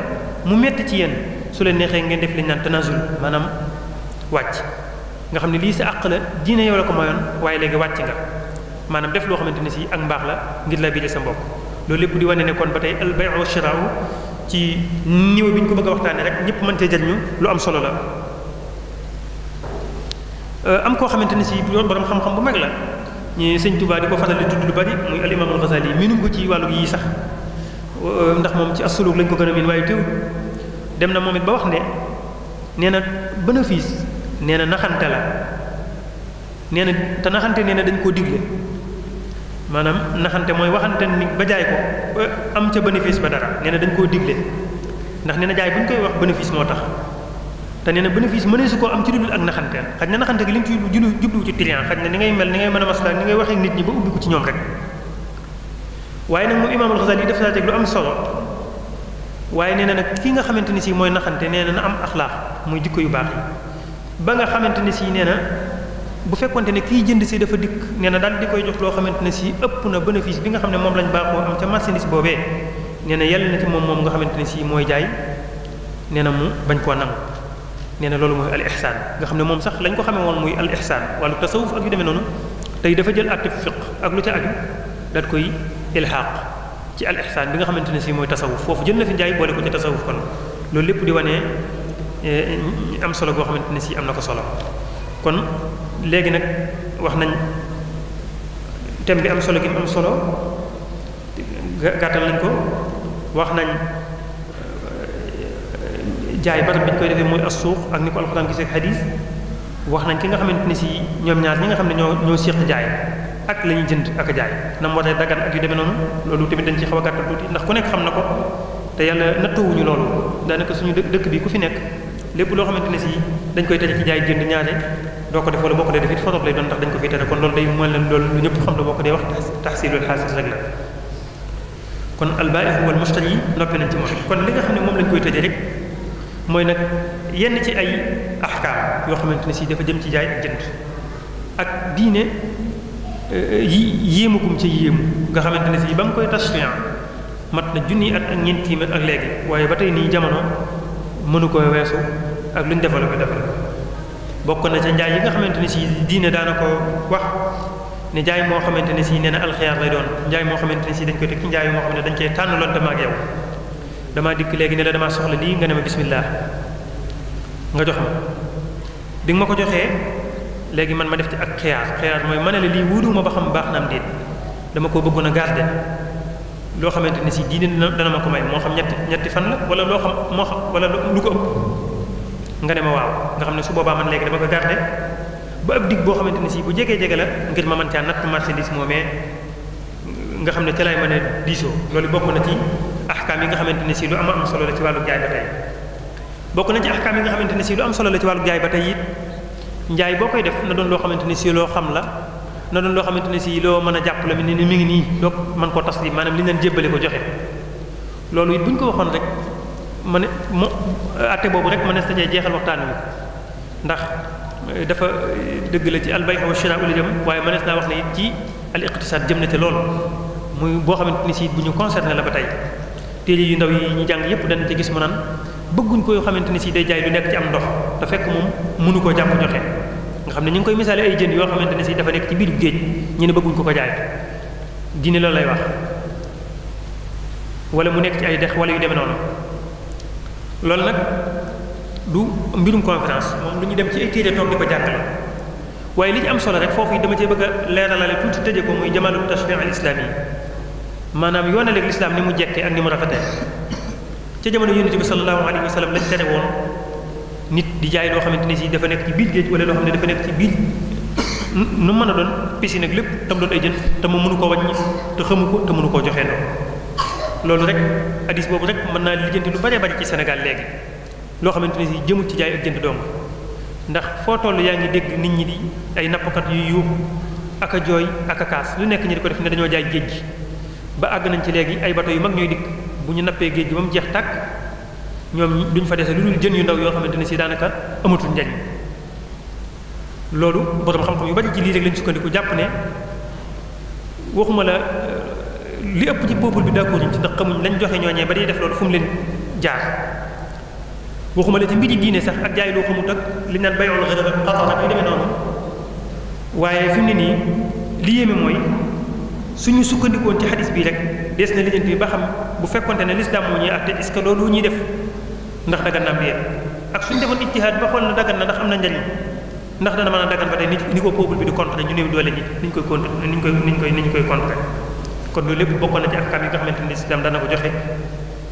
mu metti ci yéen su leen neexee ngeen def li naan tanazul maanaam wàcc nga xam ne lii sa àq la diine yow la ko mayoon waaye léegi wàcc nga maanaam def loo xamante ne si ak mbaax la ngir la bii sa mbokk loolu lépp di wane nekkoon ba tey al bay'u wa ci niveau bi ñu ko bëgg a waxtaanee rek ñëpp mën jël ñu lu am solo la. Euh, am koo xamante ne si yoon borom xam-xam bu mag la ñu sëñ Tuubaa di ko faral di tudd lu bari muy al imaamul Ghazali yi miinu ko ci wàllu yii sax euh, ndax moom ci as lañ ko gën a dem na moom it ba wax ne nee na bénéfice nee na naxante la nee na te naxante nee na dañ koo digle maanaam naxante mooy waxante ni ba jaay ko ba am ca bénéfice ba dara nee na dañ koo digle ndax nee na jaay bu ñu koy wax bénéfice moo tax te nee na bénéfice mënee su koo am ci dudul ak naxante xaj na naxante gi li ñu ci jublu jublu ci trian xaj na ni ngay mel ni ngay mën a maslaa ni ngay waxee nit ñi ba ubbi ko ci ñoom rek waaye nag moom imaamul Xasaali yi def naa teg lu am solo waaye nee na nag ki nga xamante ni sii mooy naxante nee na na am axlaax muy jikko yu baax yi ba nga xamante ne si nee na bu fekkante ne kiy jënd si dafa dikk nee na daal di koy jox loo xamante ne sii ëpp na bénéfice bi nga xam ne moom lañ baaxoo am ca marchandise boobee nee na yàlla na ci moom moom nga xamante ne sii mooy jaay nee na mu bañ koo nangu nee na loolu mooy al ihsaan nga xam ne moom sax lañ ko xamee woon muy al ihsaan wàllu tasawuf ak yu demee noonu tey dafa jël àtte fiq ak lu ca aju daal koy ilhaaq ci al ihsaan bi nga xamante ne si mooy tasawuf foofu jël na fi njaay boole ko ci tasawuf kon loolu lépp di wane eh, am solo goo xamante ni si am na ko solo kon léegi nag wax nañ thème bi am solo gi am solo gàttal nañ ko wax nañ eh, jaay barab bi ñu mooy as suuq ak ni ko alxuraan gisee xadiis wax nañ ki nga xamante ni si ñoom ñaar ñi nga xam ne ñoo ñoo jaay ak la ñuy jënd ak a jaay na mu waree dagan ak yu demee noonu loolu tamit dañ ci xaw a gàttal tuuti ndax ku nekk xam na ko te yàlla nattawuñu loolu daanaka suñu dëkk bi ku fi nekk lépp loo xamante ne sii dañ koy tere ci jaay jënd ñaare doo ko def wala boo ko dee def it forop lay ko fiy tere kon loolu day mel ne loolu lu ñëpp kon li nga xam ne moom koy tëjee rek mooy nag yenn ci ay ahkaam yoo xamante ne si dafa jëm ci jaay ak jënd ak diine yéemagum ca yéemu nga xamante ne si ba mu koy tashrian mat na junni at ak ñeent téeméer ak léegi waaye ba tey nii jamono mënu koy weesu ak lu ñu développé développé bokk na ca njaay yi nga xamante ne si diine daanako wax ne njaay moo xamante ne si nee na alxiyaar lay doon njaay moo xamante ne si dañ koy teg njaay moo xam ne dañ cee tànn loon dama ak yow damaa dikk léegi ne la damaa soxla lii nga ne ma bismillah nga jox ma bi ma ko joxee léegi man ma def ci ak xiyaar xiyaar mooy ma ne la lii wuuduwuma ba xam baax na am déet dama koo bëggoon a garder loo xamante ni si diine dana ma ko may moo xam ñetti ñetti fan la wala loo xam moo xam wala lu ko ëpp nga ne ma waaw nga xam ne su boobaa man léegi dama ko garder ba ab digg boo xamante ni si bu jegee jege la ngir ma mën caa natt marchandise moomee nga xam ne ca laay mën a diisoo loolu bokk na ci ahkaam yi nga xamante ne si lu am am solo la ci wàllu jaay ba na ci ahkaam yi nga ni si lu am solo la ci wàllu jaay ba tey it njaay boo koy def na doon loo xamante ni si loo xam na doon loo xamante ni si loo mën a jàpp la mi ni mi ngi nii doog man koo taslim maanaam li ñu leen jébbale ko joxe loolu it bu ñu ko waxoon rek ma ne mu atte boobu rek ma ne sa jeexal waxtaan wi ndax eh, dafa eh, dëgg la ci albay wa shira ula jëm waaye mënees naa wax na it ci al iqtisaad jëm na ci loolu muy boo xamante ni si bu ñu concerné la ba tey téere yu ndaw yi ñu jàng yépp dana ci gis mu naan bëgguñ ko yoo xamante ni si day jaay lu nekk ci am ndox te fekk moom mënu koo jàpp joxe xam ne ñu ngi koy misaale ay jën yoo xamante ne si dafa nekk ci biir géej ñu ne bëgguñ ko ko jaay diine lool lay wax wala mu nekk ci ay dex wala yu demee noonu loolu nag du mbirum conférence moom lu ñu dem ci ay téere toog di ko jàngale waaye li ci am solo rek foofu dama cee bëgg a leeralale tuuti tëje ko muy jamaalu tashri al islam yi maanaam yoonale lislaam ni mu jekkee ak ni mu rafetee ca jamono yonente bi sallallahu alayhi wa lañ woon nit di jaay loo xamante ni si dafa nekk ci biir géej wala loo xam ne dafa nekk ci biir nu mën a doon piscine ak lépp tam doon ay jën te mu mënu koo wàññi te xamu ko te mënu koo joxee loolu rek hadis boobu rek mën naa lijjanti lu bare bari ci Sénégal léegi loo xamante ne si jëmu ci jaay ak jënd dong ndax foo toll yaa ngi dégg nit ñi di ay nappkat yu yuuxu ak a jooy ak kaas lu nekk ñi di ko def ne dañoo jaay géej gi ba àgg nañ ci léegi ay bato yu mag ñooy dikk bu ñu nappee géej gi ba jeex tàkk ñoom duñ fa dese lu dul jën yu ndaw yoo xamante ne si daanaka amatul njariñ loolu borom xam-xam yu bari ci lii rek lañ sukkandiku jàpp ne waxuma la euh, li ëpp ci peuple bi d'accord ci ndax xamuñ lañ joxe ñooñee ba day def loolu fu mu leen jaar waxuma la ci mbiri diine sax ak jaay loo xamut ak li naan bayool xëy na xataa yu demee noonu waaye fi mu ne nii li yéeme mooy suñu sukkandikoon ci xadis bii rek des na lijjanti ba xam bu fekkonte ne lislaam moo ñuy àtte est-ce que loolu ñuy def. ndax dagan na am yéen ak suñu defoon ijtihaad ba xool na dagan ndax am na njariñ ndax dana mën a dagan ba tey ni ko peuple bi di contrer ñu néew doole ji ni ñu koy contrer ni ñu koy ni ñu koy kon loolu lépp bokkoon na ci ak kam yi nga dana ko joxe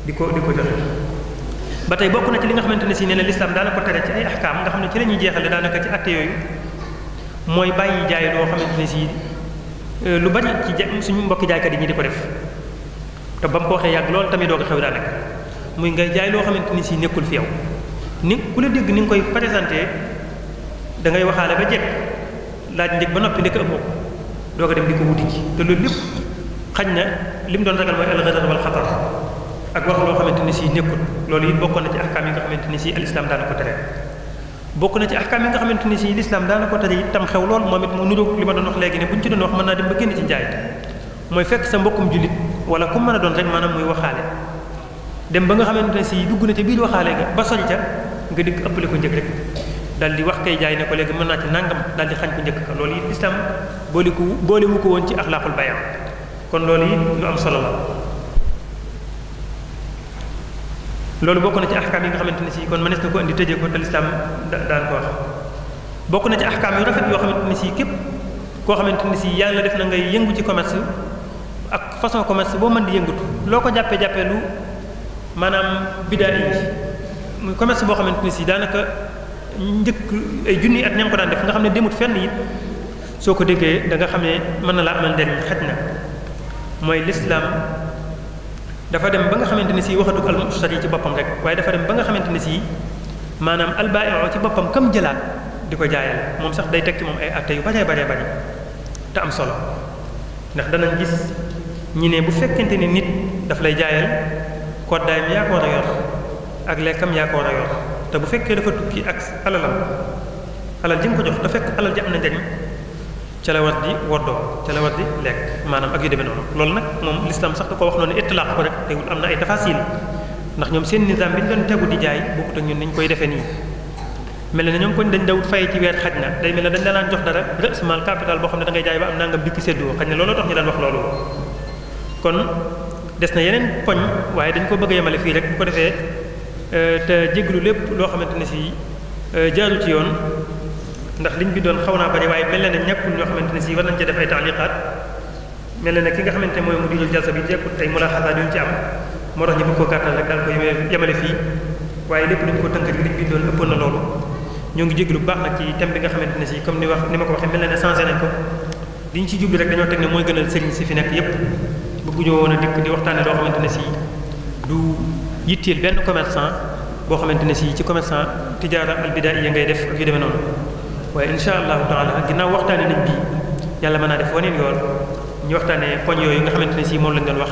di ko di ko ba tey bokk na ci li nga xamante ne si nee na lislaam daana ko tere ci ay ahkaam nga xam ne ci la ñuy jeexale daanaka ci atte yooyu mooy bàyyi jaay loo xamante ne si euh, lu bari ci suñu mbokki jaaykat yi ñi di ko def te ba mu ko waxee yàgg loolu tamit doo ko xew muy ngay jaay loo xamante ni si nekkul fi yow ni ku la dégg ni nga koy présenté da ngay waxaale ba jekk laaj njëg ba noppi nekk ëpp doo ko dem di ko wuti ci te loolu lépp xañ na li mu doon ragal mooy alxadar wal xatar ak wax loo xamante ni si nekkul loolu it bokkoon na ci ahkaam yi nga xamante si alislaam daana tere na ci ahkaam yi nga xamante ni si lislaam daana ko tere itam xew lool moom it mu niroog li ma doon wax léegi ne bu ñu ci doon wax mën naa dem ba génn ci njaay mooy fekk sa mbokkum jullit wala ku mën a doon rek maanaam muy waxaale dem ba nga xamante ne si dugg na ca biir waxaale ba soñ ca nga dikk ëppale ko njëkk rek dal di wax kay jaay ne ko léegi mën naa ci nangam dal di xañ ko njëkk ka loolu it islam boole ko boole ko woon ci axlaaqul bayam kon loolu it am solo la loolu bokk na ci axkaam yi nga xamante ne si kon mënees na ko indi tëjee ko te lislaam daan ko wax bokk na ci axkaam yu rafet yoo xamante ne si képp koo xamante ne si yàlla def na ngay yëngu ci commerce ak façon commerce boo mën di yëngatu loo ko jàppee jàppee lu maanaam bidaa yi muy commerce boo xamante ni sii daanaka njëkk ay junni at ña ko daan def nga xam ne demut fenn yi soo ko déggee da nga xam ne mën na laa amal njariñ xaj na mooy lislaam dafa dem ba nga xamante ne si waxatug almushtari yi ci boppam rek waaye dafa dem nga xamante ne si maanaam albaa'i'u ci boppam kam jëlaat di ko jaayal moom sax day tekki moom ay atte yu baree baree bari te am solo ndax danañ gis ñi ne bu fekkente ne nit daf lay jaayal koddaay mi yaa ko war a yor ak lekkam yaa ko war a yor te bu fekkee dafa tukki ak alalam alal ji nga ko jox da fekk alal ji am na njariñ ca la war di woddoo ca la war di lekk maanaam ak yu demee noonu loolu nag moom l'islam sax da ko wax noonu itlaq ko rek teewul am na ay tafasil ndax ñoom seen nizaam bi ñu doon tegu di jaay bokkut ak ni niñ koy defee nii mel na ñoom ko dañ dawut fay ci weer xaj na day mel ne dañ la daan jox dara rek capital boo xam ne da jaay ba am nangam dikk séddoo xaj na looloo tax ñu daan wax loolu kon des na yeneen poñ waaye dañ ko bëgg a yemale fii rek bu ko defee euh, te jéglu lépp loo xamante ne si euh, jaarul ci yoon ndax liñ bi doon xaw naa bari waaye mel na ne ñàkkul ñoo xamante ne si war nañ ca def ay taaliqaat mel na ne ki nga xamante ne mooy mu diirul jalsa bi jekkul ay mulaaxasaat yu ñu ci am moo tax ñu bëgg koo gàttal rek daal ko fii waaye lépp dañ ko tënk rek liñ bi doon ëppoon na loolu ngi jéglu bu baax nag ci thème bi nga xamante ne si comme ni wax ni ma ko waxee mel na ko liñ ci rek dañoo teg ne mooy gënal sëriñ si fi nekk yépp bu ñu a dikk di waxtaanee loo xamante ne si du yitteel benn commerçant boo xamante ne sii ci commerçant tijaara albidaaya ngay def ak yu demee noonu waaye insha allahu taala ginnaaw waxtaanee nañ bii yàlla mën naa def waneen yoon ñu waxtaanee poñ yooyu nga xamante ne sii moom lañ doon wax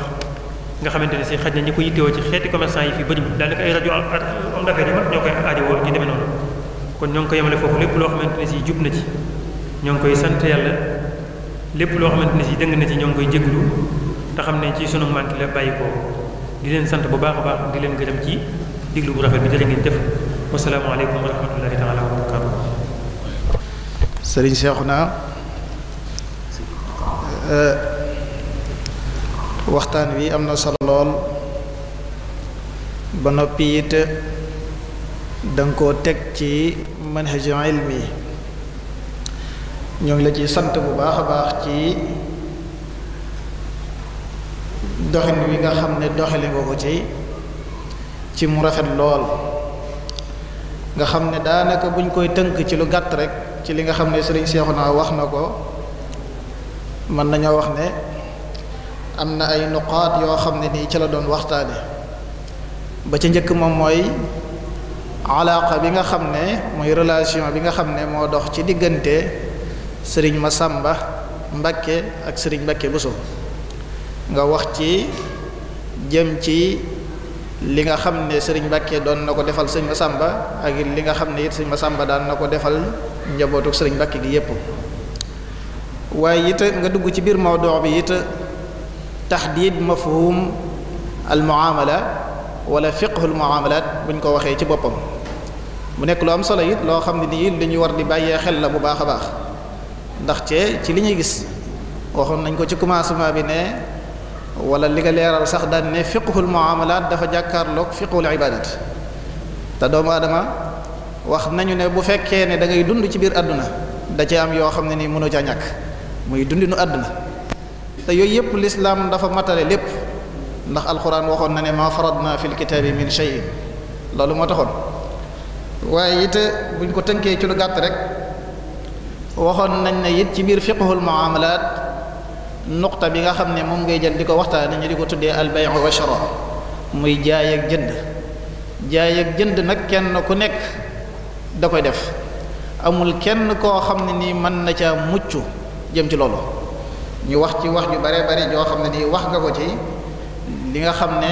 nga xamante ne si xaj na ñi ko yittewoo ci xeeti commerçant yi fi bëriwul daanaka ay rajo am d'affaires yu mag ñoo koy aajowoo ñu demee noonu kon ñoo ngi ko yemale foofu lépp loo xamante ne si jub na ci ñoo ngi koy sant yàlla lépp loo xamante ne si dëng na ci ñoo ngi koy jéglu te xam ne ci sunu manque la bàyyi ko di leen sant bu baax a baax di leen gërëm ci diglu bu rafet bi jërë ngeen jëf wasalaamaaleykum wa rahmatullahi taala wa barakaatu sëriñ Seexuna euh, waxtaan wi am na solo lool ba noppi danga ko teg ci manhaj ilmi ñoo ngi la ciy sant bu baax a baax ci doxin wi nga xam ne doxali nga ko ci ci mu rafet lool nga xam ne daanaka buñ koy tënk ci lu gàtt rek ci li nga xam ne sëriñ Seexuna wax na ko mën nañoo wax ne am na ay nuqaat yoo xam ne nii ci la doon waxtaane ba ca njëkk moom mooy alaaqa bi nga xam ne mooy relation bi nga xam ne moo dox ci diggante sëriñ ma sàmba Mbakke ak sëriñ Mbakke Bousso nga wax ci jëm ci li nga xam ne sëriñ Mbàkke doon na ko defal sëñ Masamba ak li nga xam ne it sëñ Masamba daan na ko defal njabootu sëriñ Mbàkke gi yépp waaye it nga dugg ci biir mawduu bi it taxdiid mafhum al muamala wala fiqhul muamalat buñ ko waxee ci boppam mu nekk lu am solo it loo xam ne nii lu ñu war di bàyyee xel la bu baax a baax ndax ci li ñuy gis waxoon nañ ko ci commencement bi ne wala li leeral sax daan ne fiqhul muamalaat dafa jàkkaarloog fiqhul ibadat te doomu aadama wax nañu ne bu fekkee ne dangay dund ci biir àdduna da ci am yoo xam ne ni mënoo caa ñàkk muy nu àdduna te yooyu yëpp lislaam dafa matale lépp ndax alquran waxoon na ne maa faradna fil kitaabi min shay loolu moo taxoon waaye it buñ ko tënkee ci lu gàtt rek waxoon nañ ne yit ci biir fiqhul muamalaat nuqta bi nga xam ne moom ngay jël di ko waxtaane ñu di ko tuddee al bay' wa muy jaay ak jënd jaay ak jënd nag kenn ku nekk da koy def amul kenn koo xam ne nii mën na caa mucc jëm ci loolu ñu wax ci wax ju bare bare joo xam ne ni wax nga ko ci li nga xam ne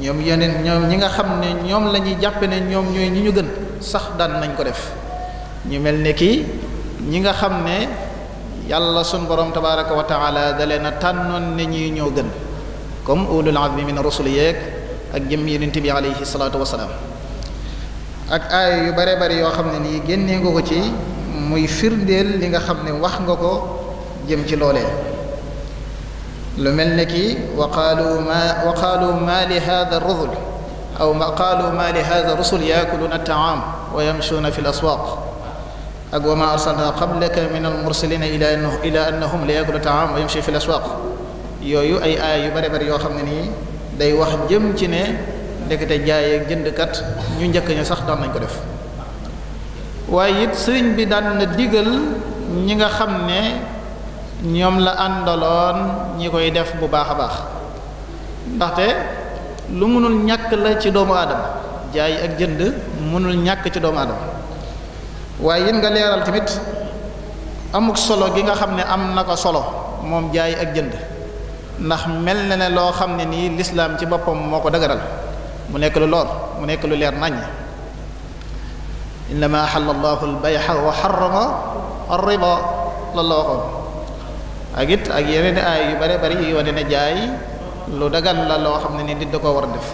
ñoom yeneen ñoom ñi nga xam ne ñoom lañuy jàpp ne ñoom ñooy ñi ñu gën sax daan nañ ko def ñu mel ne kii ñi nga xam ne yàlla sun borom tabaraka wa taala da leen a tànnoon ne ñuy ñoo gën comme ulul azmi min rusul yeeg ak jëm yonent bi alayhi salaatu wasalaam ak aaya yu bare bare yoo xam ne nii génnee nga ko ci muy firndeel li nga xam ne wax nga ko jëm ci loole lu mel ne ki wa qaalu ma wa qaalu ma li hada rusul aw ma qaalu ma li hada rusul yaakuluuna taam wa yamshuuna fi l ak wa ma arsalna qablaka min al mursalina ila annahum la yakulu taam wa yamshi fi l aswaq yooyu ay aaya yu bare bare yoo xam ne nii day wax jëm ci ne ndekete jaay ak jëndkat ñu njëkk ñu sax daan nañ ko def waaye it sëriñ bi daan na digal ñi nga xam ne ñoom la àndaloon ñi koy def bu baax a baax ndaxte lu mënul ñàkk la ci doomu aadama jaay ak jënd mënul ñàkk ci doomu aadama waaye yéen nga leeral tamit amuk solo gi nga xam ne am na ko solo moom jaay ak jënd ndax mel na ne loo xam ne nii lislaam ci boppam moo ko dagaral mu nekk lu lool mu nekk lu leer naññ innama axalla allahu albayxa wa xarama arriba la la waxoon ak it ak yeneen aay yu bare bari yu jaay lu dagan la loo xam ne nii di da ko war a def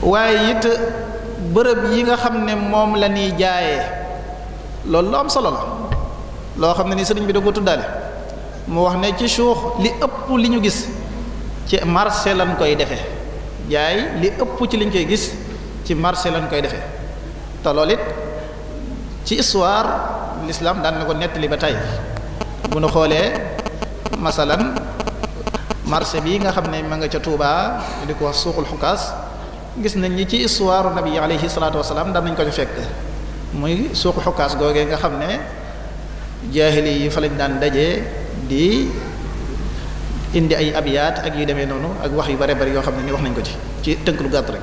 waaye it bërëb yi nga xam ne moom la jaaye jaayee loolu lu am solo la loo xam ne ni sëriñ bi da ko tuddaale mu wax ne ci suux li ëpp li ñu gis ci marché lañ koy defee jaay li ëpp ci liñ koy gis ci marché lañ koy defee te loolu it ci histoire l'islam daan na ko nettali ba tey bu nu xoolee masalan marché bi nga xam ne ma nga ca tuubaa di ko wax suuxul xukaas gis nañ ni ci histoire nabi alayhi salaatu wasalaam daan nañ ko ci fekk muy suuq xukkaas googee nga xam ne jaahili yi fa lañ daan daje di indi ay abiyat ak yu demee noonu ak wax yu bare bari yoo xam ne ni wax nañ ko ci ci tënk lu gàtt rek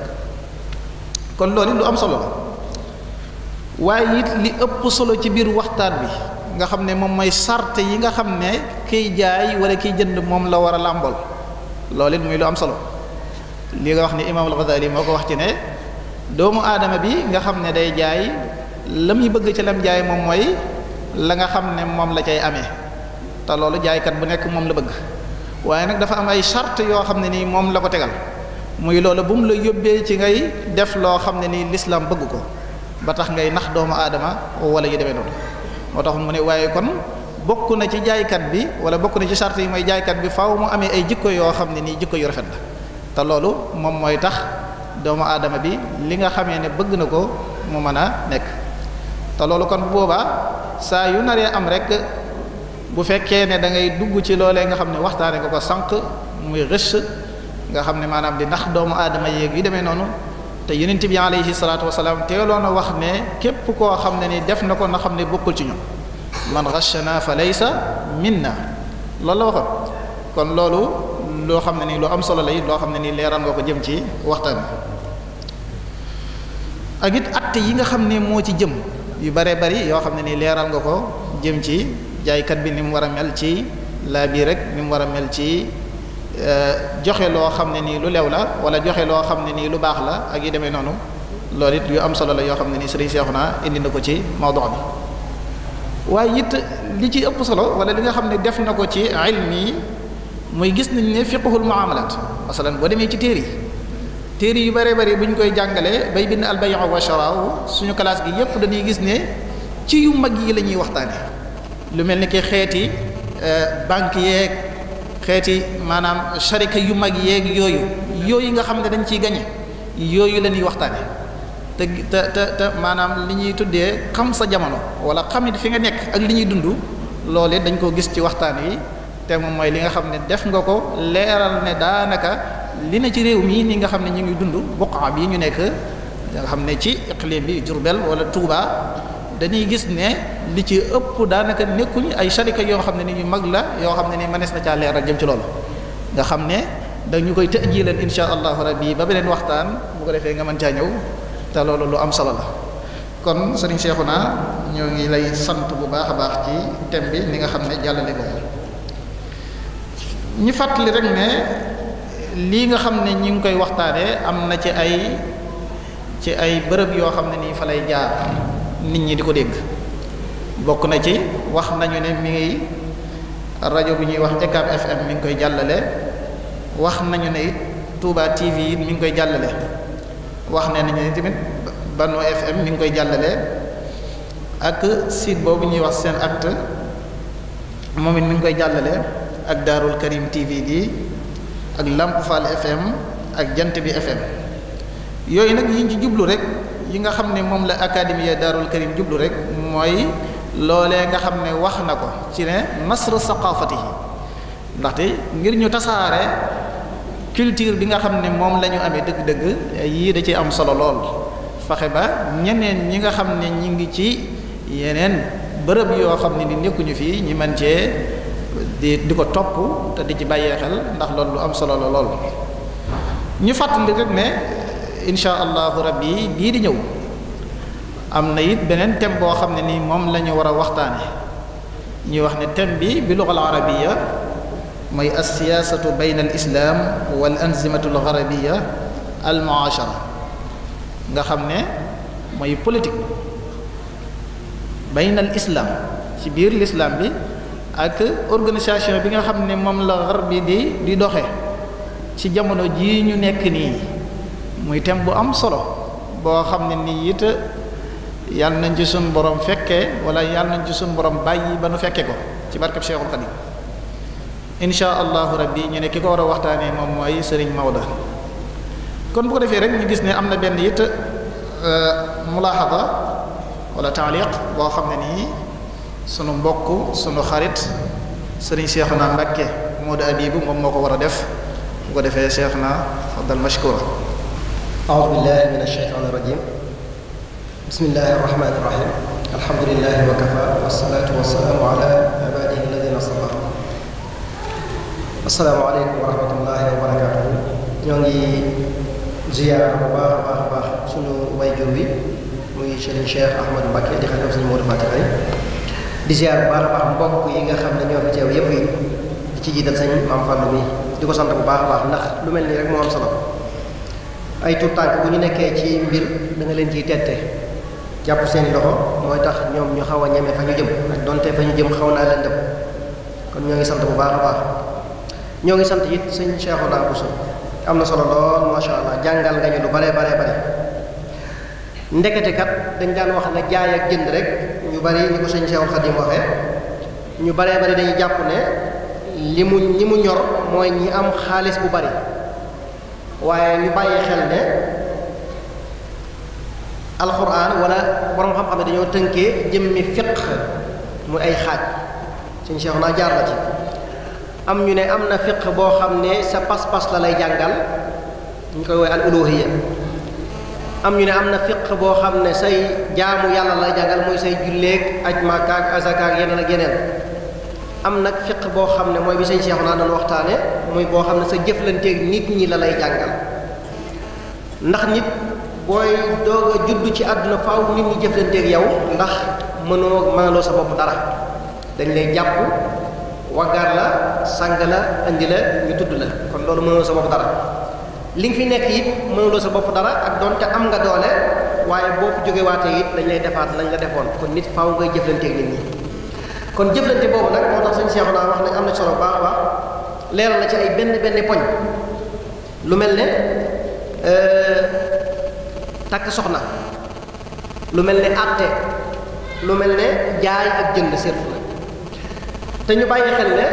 kon loolu lu am solo la waaye it li ëpp solo ci biir waxtaan bi nga xam ne moom mooy sart yi nga xam ne kiy jaay wala kiy jënd moom la war a làmbool loolu it muy lu am solo lii nga wax ne imaamul Ghazali moo ko wax ci ne doomu aadama bi nga xam ne day jaay la muy bëgg ci lam jaay moom mooy la nga xam ne moom la cay amee te loolu jaaykat bu nekk moom la bëgg waaye nag dafa am ay charte yoo xam ne nii moom la ko tegal muy loolu bu mu la yóbbee ci ngay def loo xam ne nii lislaam bëgg ko ba tax ngay nax doomu aadama wala yu demee noonu moo tax mu ne waaye kon bokk na ci jaaykat bi wala bokk na ci charte yi mooy jaaykat bi faaw mu amee ay jikko yoo xam ne nii jikko yu rafet la te loolu moom mooy tax doomu aadama bi li nga xamee ne bëgg na ko mu mën a nekk te loolu kon bu boobaa saa yu naree am rek bu fekkee ne da ngay dugg ci loolee nga xam ne waxtaane nga ko sànq muy rëcc nga xam ne maanaam di ndax doomu aadama yéeg yu demee noonu te yeneen yonent bi alayhi salaatu wasalaam teeloon a wax ne képp koo xam ne ni def na ko na xam ne bokkul ci ñun man ghashana fa laysa minna loolu la waxoon kon loolu loo xam ne nii lu am solo la it loo xam ne nii leeral nga ko jëm ci waxtaan ak it atte yi nga xam ne moo ci jëm yu baree bari yoo xam ne nii leeral nga ko jëm ci jaaykat bi ni mu war a mel ci laa bii rek ni mu war a mel ci euh, joxe loo xam ne nii lu lew la wala joxe loo xam ne nii lu baax la ak yi demee noonu loolu it yu am solo la yoo xam ne nii Sëriñ Seexuna indi na ko ci mawdu bi waaye it li ci ëpp solo wala li nga xam ne def na ko ci ilmi mooy gis nañ ne fiqhul muamalat masalan boo demee ci téere yi téere yu bare bare bu ñu koy jàngalee bay bind al bay'u suñu classe gi yépp dañuy gis ne ci yu mag yi lañuy waxtaane lu mel ni ki xeeti euh, banque yeeg xeeti maanaam sharika yu mag yeeg yooyu yooyu nga xam ne dañ ciy gañe yooyu la ñuy waxtaanee te te te maanaam li ñuy tuddee xam sa jamono wala xam it fi nga nekk ak li ñuy dund loolee dañ koo gis ci waxtaan wi te moom mooy li nga xam ne def nga ko leeral ne daanaka li na ci réew mii nii nga xam ne ñu ngi dund buqaa bi ñu nekk nga xam ne ci iqlim bi Jurbel wala Touba dañuy gis ne li ci ëpp daanaka nekkuñu ay sharika yoo xam ne ni ñu mag la yoo xam ne ni mënees na caa leeral jëm ci loolu nga xam ne dañu koy tëjiilan insha allahu rabbi ba beneen waxtaan bu ko defee nga mën caa ñëw te loolu lu am solo la kon sëriñ Seexuna ñoo ngi lay sant bu baax a baax ci thème bi ni nga xam ne jàllale ñu fàttali rek ne lii nga xam ne ñi ngi koy waxtaanee am na ci ay ci ay bërëb yoo xam ne nii fa lay jaar nit ñi di ko dégg bokk na ci wax nañu ne mi ngi rajo bu ñuy wax ECAB FM mi ngi koy jàllale wax nañu ne it Touba TV it ngi koy jàllale wax ne nañu ne tamit FM mi ngi koy jàllale ak site boobu ñuy wax seen act moom it mi ngi koy jàllale. ak Daarul Karim TV gi ak Lamp Fall FM ak Jant bi FM yooyu nag ci jublu rek yi nga xam ne moom la académie Daarul Karim jublu rek mooy loolee nga xam ne wax na ko ci ne nasru saqaafati ndaxte ngir ñu tasaare culture bi nga xam ne moom lañu ñu amee dëgg-dëgg yii da ci am solo lool fexe ba ñeneen ñi nga xam ne ñi ngi ci yeneen bërëb yoo xam ne ni nekkuñu fii ñi man cee di di ko topp te di ci bàyyee xel ndax loolu lu am solo la lool ñu fàttali rek ne insha allahu rabbi lii di ñëw am na it beneen thème boo xam ne ni moom la war a waxtaane ñuy wax ne thème bi bi luxal arabiya mooy alsiyaasatu bayna al islam wal anzimatu al gharabiyya al nga xam ne mooy politique bayna al islam ci biir lislaam bi ak organisation bi nga xam ne moom la xar bi di di doxe ci jamono jii ñu nekk nii muy thème bu am solo boo xam ne nii it yàlla nañ ci suñ borom fekkee wala yàlla nañ ci suñ borom bàyyi ba nu fekkee ko ci barkab Cheikhul Khadim insha allahu rabbi ñu ne ki ko war a waxtaanee moom mooy Serigne Maodo kon bu ko defee rek ñu gis ne am na benn it euh, mulaaxada wala taaliq boo xam ne nii. sunu mbokk sunu xarit sëriñ Seexuna Mbàkke Moodu Abibu moom moo ko war a def bu ko defee Seexuna faddal mashkura aoudu billahi min asheytan irajim bismillahi arrahmani irrahim wa kafa ala ibadihi alladina wa rahmatullahi wa barakatuhu ñoo ngi ziyaara bu baax a di xalifa Sëriñ Moodu Faati Xari di ziar bu baax a baax mbokk yi nga xam ne ñoo fi teew yi di ci jiital sëñ Maam Fàllu mi di ko sant bu baax a baax ndax lu mel nii rek moo am solo ay tuut bu ñu nekkee ci mbir da nga leen ciy tette jàpp seeni loxo mooy tax ñoom ñu xaw a ñeme fa ñu jëm ak donte fa ñu jëm xaw naa leen dem kon ñoo ngi sant bu baax a baax ñoo ngi sant it sëñ Cheikhouna Bousso am na solo lool macha allah jàngal nga ñu lu bare bare bare ndekete kat dañ daan wax ne jaay ak jënd ñu bari ñi ko sëñ Seexul Xadim waxee ñu baree bari dañuy jàpp ne li mu ñi mu ñor mooy ñi am xaalis bu bari waaye ñu bàyyi xel ne alquran wala borom xam-xam ne dañoo tënkee jëmmi fiq muy ay xaaj suñ Cheikh naa jaar la ci am ñu ne am na fiq boo xam ne sa pas-pas la lay jàngal ñu koy woowee al uluhiya am ñu ne am na fiq boo xam ne say jaamu yàlla lay jàngal mooy say julleeg aj Makka ak azaka ak yeneen ak yeneen am nag fiq boo xam ne mooy bi sëñ Cheikh naa doon waxtaane mooy boo xam ne sa jëflanteeg nit ñi la lay jàngal ndax nit booy doog a judd ci àdduna faaw nit ñi jëflanteeg yow ndax mënoo mënaloo sa bopp dara dañ lay jàpp waggar la sang la indi la ñu tudd la kon loolu mënoo sa bopp dara li nga fi nekk it mënuloo sa bopp dara ak doonte am nga doole waaye boo fi jóge waatee it lay defaat lañ la defoon kon nit faaw ngay jëflanteeg nit ñi kon jëflante boobu nag moo tax sëñ Cheikh naa ne am na solo baax baax leeral ci ay benn benn poñ lu mel ne euh, takk soxna lu mel ne àtte lu mel ne jaay ak jënd surtout te ñu bàyyi xel ne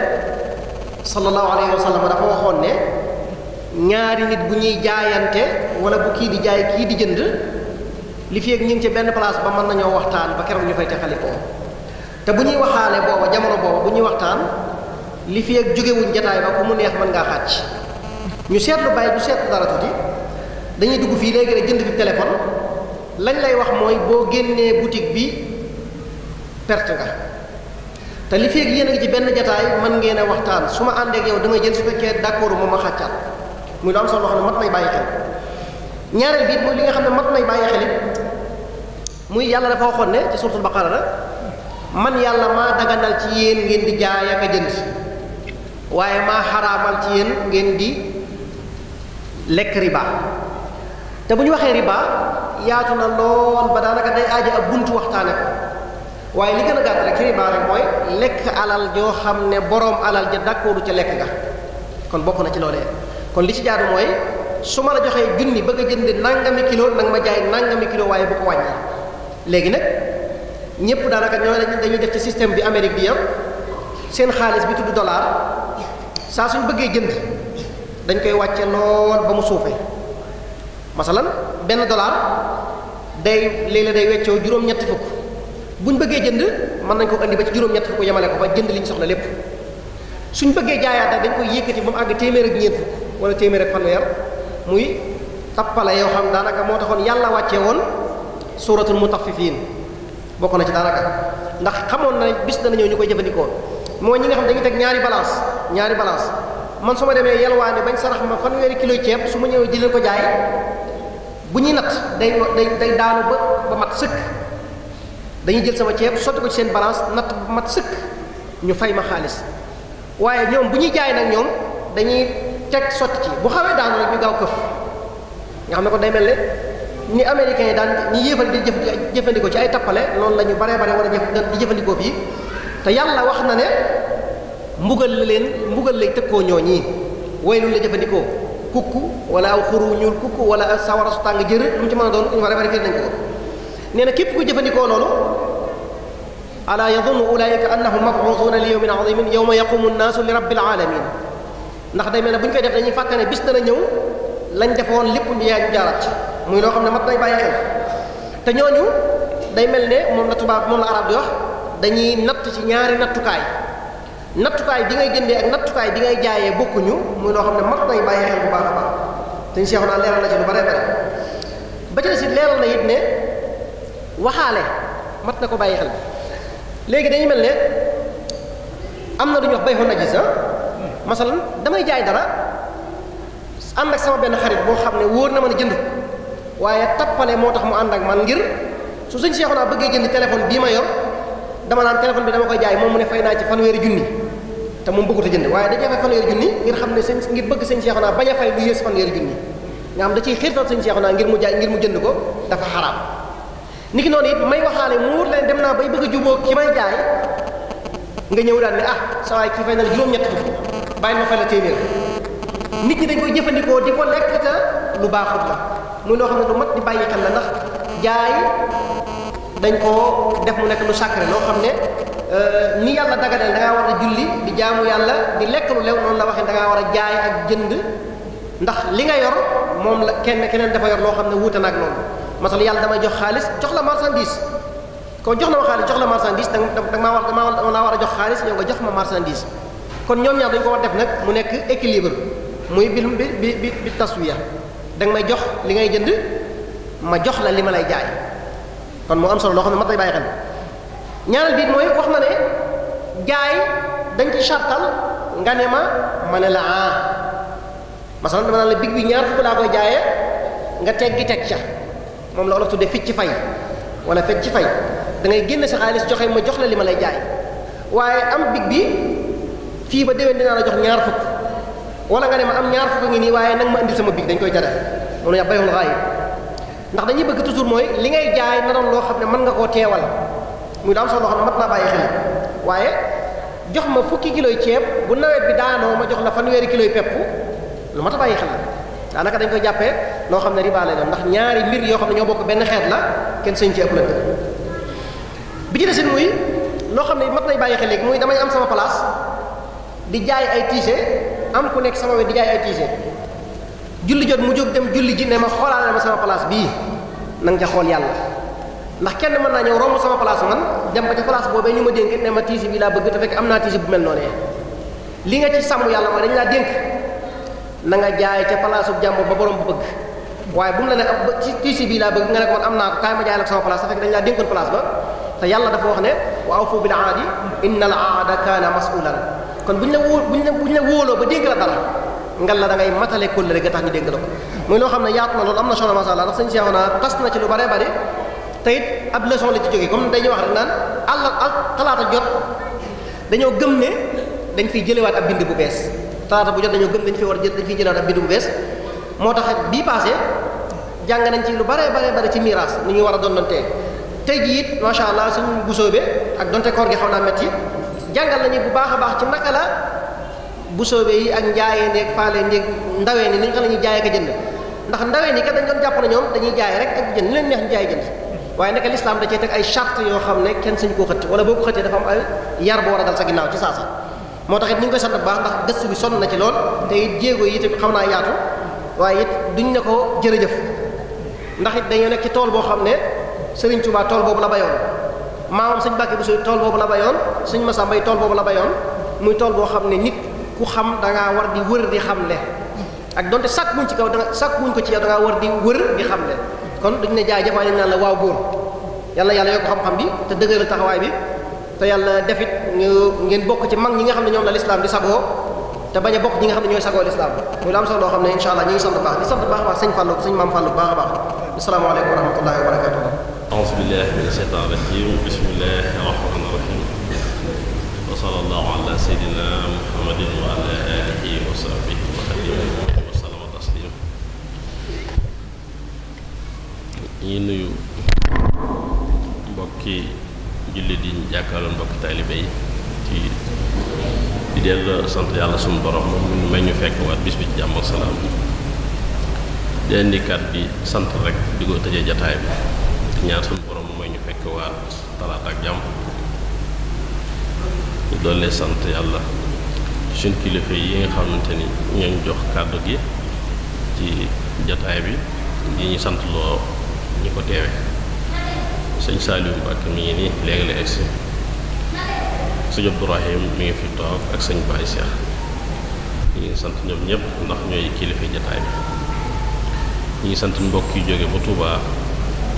sallallahu alayhi wa dafa waxoon ne ñaari bu ñuy jaayante wala bu kii di jaay kii di jënd li fi ak ñu ngi ci benn place ba mën nañoo waxtaan ba keroog ñu fay taxalikoo te bu ñuy waxaale booba jamono booba bu ñuy waxtaan li fi ak jógewuñ jataay ba ku mu neex mën ngaa xàcc ñu seetlu bàyyi du seetlu dara tuuti dañuy dugg fii léegi rek jënd fi téléphone lañ lay wax mooy boo génnee boutique bi perte nga te li fi ak yéen a ngi ci benn jataay mën ngeen a waxtaan su ma àndeek yow damay jël su fekkee d'accord moom ma xàccaat muy lu solo xam ne mat nay bàyyi xel ñaareel bi it li nga xam ne mat nay bàyyi xel it muy yàlla dafa waxoon ne ci suratul baqara la man yàlla maa daganal ci yéen ngeen di jaay ak a jënd waaye maa xaraamal ci yéen ngeen di lekk riba te bu ñu waxee riba yaatu na lool ba daanaka day aaja ab buntu waxtaane ko waaye li gën a gàtt rek ci riba rek mooy lekk alal joo xam ne boroom alal ja d'accord du ca lekk nga kon bokk na ci loolee kon li ci jaadu mooy su ma la joxee junni bëgg a jënd nangami kilo nanga ma jaay nangami kilo waaye bu ko wàññi léegi nag ñëpp daanaka ñoo ne dañuy def ci système bi Amérique bi yam ah, seen xaalis bi tudd dollar saa suñ bëggee jënd dañ koy wàcce lool ba mu suufee masalan benn dollar day léeg-léeg day weccoo juróom-ñetti fukk bu buñ bëggee jënd mën nañ ko andi ba ci juróom-ñetti fukk yemale ko ba jënd liñ soxla lépp suñ bëggee jaayaat dañ koy yëkkati ba mu àgg téeméer ak ñeent wala téeméer ak fanweer muy tappale yoo xam daanaka moo taxoon yàlla wàcce woon suuratul mutaffifiin bokk na ci daanaka ndax xamoon na bis dana ñëw ñu koy jëfandikoon moo ñi nga xam dañuy teg ñaari balance ñaari balance man su ma demee yalwaane bañ sarax ma fanweeri kilo ceeb su ma ñëwee di leen ko jaay bu ñuy natt day day day daanu ba ba mat sëkk dañuy jël sama ceeb sotti ko ci seen balance natt ba mat sëkk ñu fay ma xaalis waaye ñoom bu ñuy jaay nag ñoom teg sotti ci bu xawee daanu rek ñu gaaw këf nga xam ne ko day mel ne ni américains yi daan ñi yéefal di jëfandikoo ci tappale loolu la ñu baree bare war a jëf di jëfandikoo fii te yàlla wax na ne mbugal leen mbugal la lay tëkkoo ñoo ñii waylul la jëfandikoo kukku wala aw xuru ñuul kukku wala sawara su tàng jër lu mu ci mën a doon ñu bare bare firi nañ ko nee na képp ku jëfandikoo loolu ala yadunnu ulaika annahum mab'uthuna li yawmin azimin yawma yaqumu nnaasu li rabbil alamin ndax day mel ne bu ñu koy def dañuy fàkkane ne bis dana ñëw lañ defoon lépp ñu yaa ñu jaaraat ci muy loo xam ne mat nay bàyyi xel te ñooñu day mel ne moom la tubaab moom la arab di wax dañuy natt ci ñaari nattukaay nattukaay bi ngay gëndee ak nattukaay bi ngay jaayee bokkuñu muy loo xam ne mat nay bàyyi xel bu baax a baax dañ seexu naa leeral na ci lu bare bare ba ci des si leeral na yit ne waxaale mat na ko bàyyi xel léegi dañuy mel ne am na lu ñuy wax bayxu masalan damay jaay dara ànd ak sama benn xarit boo xam ne wóor na mën a jënd waaye tappale moo tax mu ànd ak man ngir su sëñ Seexu naa bëggee jënd téléphone bii ma yor dama naan téléphone bi dama koy jaay moom mu ne fay naa ci fanweeri junni te moom bëggut a jënd waaye da cee fay fanweeri junni xam ne sëñ ngir bëgg sëñ Seexu naa a fay lu yées fanweeri junni nga xam da xiirtal sëñ Seexu naa ngir mu jaay ngir mu jënd ko dafa xaraam ni ki noonu it may waxaale mu wóor leen dem naa bay bëgg a jubóo ki may jaay nga ñëw daal ne ah sa waay bàyyi ma fa la téeméer nit ñi dañ koy jëfandikoo di ko lekk te lu baaxut la muy loo xam ne lu mat di bàyyi xel la ndax jaay dañ koo def mu nekk lu sacré loo xam ne euh, ni yàlla daganal da ngaa war a julli di jaamu yàlla di lekk lu lew noonu la waxee da war a jaay ak jënd ndax li nga yor moom la kenn keneen dafa yor loo xam ne wuute na moom loolu masal yàlla damay jox xaalis jox la marchandise koo jox na ma xaalis jox la marchandise danga danga maa war dama laa war a jox xaalis yow nga ma marchandise kon ñoom ñaar dañ ko war def nag mu nekk équilibre muy bi bi bi bi taswiya da nga may jox li ngay jënd ma jox la li ma lay jaay kon moo am solo loo xam ne ma lay bàyyi xel mooy wax ma ne jaay dañ ci sartal nga ma ma ne la ah masalan la big bi laa koy jaayee nga teggi teg ca moom la olof tuddee fit ci fay wala fet ci fay dangay génn sa xaalis joxe ma jox la li ma lay jaay waaye am big bi fii ba déwén dinaa la jox ñaar fukk wala nga dem am ñaar fukk ngi nii waaye nag ma indi sama big dañ koy tere loolu yàlla bayul raay ndax dañuy bëgg toujours mooy li ngay jaay na doon loo xam ne mën nga koo teewal muy daam soo loo xam ne mat naa bàyyi xel waaye jox ma fukki kiloy ceeb bu nawet bi daanoo ma jox la fanweeri kiloy pepp lu mat a bàyyi dañ koy jàppee loo xam ne riba lay doon ndax ñaari mbir yoo xam ne ñoo bokk benn xeet la kenn sëñ ci ëppalante bi ci desit loo xam ne mat nay bàyyi xel léegi muy damay am sama place di jaay ay tiise am ku nekk sama wet di jaay ay tiise julli jot mu jóg dem julli ji ne ma xoolaale ma sama place bii na nga ca xool yàlla ndax kenn mën naa ñëw romb sama place man dem ba ca place boobee ñu ma dénk ne ma laa bëgg te fekk am naa bu mel noonee li nga ci sàmm yàlla mooy dañ laa dénk na nga jaay ca place bu jàmbur ba borom bu bëgg waaye bu mu la ne ab ci tiise bii laa bëgg nga nekkoon am naa ko kaay ma jaay la sama place te fekk dañ laa dénkoon place ba te yàlla dafa wax ne wa awfu bil aadi inna al kon bu ñu la wóo bu ñu la bu ba dénk la dara ngal la da ngay matale kóllëre ga tax ñu dénk la ko muy loo xam ne yaatu na loolu am na solo masha Allah ndax sëñ Cheikh naa tas na ci lu bare bare te it ab la ci talaata jot dañoo gëm ne dañ fiy jëlewaat ab bind bu bees talaata bu jot dañoo gëm dañ fi war a jël dañ fiy jëlewaat ab bind bees moo tax bii passé jàng nañ ci lu bare bare bare ci miraas ni ñuy war a doon tey jii it masha Allah suñu busóobe ak donte koor gi xaw naa metti jàngal nañu bu baax a baax ci naka la bu soobee yi ak njaayee neeg faale neeg ndawee ni ni nga xam ne ñu jaayee ko jënd ndax ndawee ni kat dañ doon jàpp na dañuy jaay rek ak jënd ni leen neex ñu jaay jënd waaye naka lislaam da cee teg ay charte yoo xam ne kenn sañ koo xëtt wala boo ko xëttee dafa am ay yar bu war a dal sa ginnaaw ci saasa moo tax it ñu ngi koy sant bu baax ndax gëstu bi sonn na ci lool te it jéego yi tamit xam naa yaatu waaye it duñ ne ko jëf ndax it dañoo nekk ci tool boo xam ne Sëriñ Tuubaa tool boobu la bayoon maamam sëñ Mbàkke Bousso tool boobu la bayoon sëñ Masamba yi tool boobu la bayoon muy tool boo xam ne nit ku xam da ngaa war di wër di xam le ak donte sàkk wuñ ci kaw da nga sàkk wuñ ko ci yow da war di wër di xam le kon duñ ne jaay jëf waaye naan la waaw góor yàlla yàlla yokk xam-xam bi te dëgëral taxawaay bi te yàlla defit ñu ngeen bokk ci mag ñi nga xam ne ñoom la lislaam di sagoo te bañ a bokk ñi nga xam ne ñooy sagoo lislaam muy la am solo xam ne insha allah ñu ngi sant baax di sant baax a أعوذ بالله من الشيطان الرجيم بسم الله الرحمن الرحيم وصلى الله على سيدنا محمد وعلى آله وصحبه وخديمه وسلم تسليما ñi nuyu mbokki jullit yi ñu mbokki taalibe ci di dellu sant yàlla suñu borom mu may ñu fekk waat bis bi salaam di indi bi sant rek di ko tëjee jataay bi ñaar suñu borom mooy ñu fekk waa talaata ak jàmm ñu doole sant yàlla suñ kilifa yi nga xamante ni ñooñ jox kàddu gi ci jataay bi di ñu sant loo ñu ko teewe sëñ Saliou Mbacke mi ngi nii léegi la egsi sëñ Abdourahim mi ngi fi toog ak sëñ Baye Cheikh ñu sant ñoom ñëpp ndax ñooy kilifa jataay bi ñu ngi sant mbokk yu jóge ba Touba.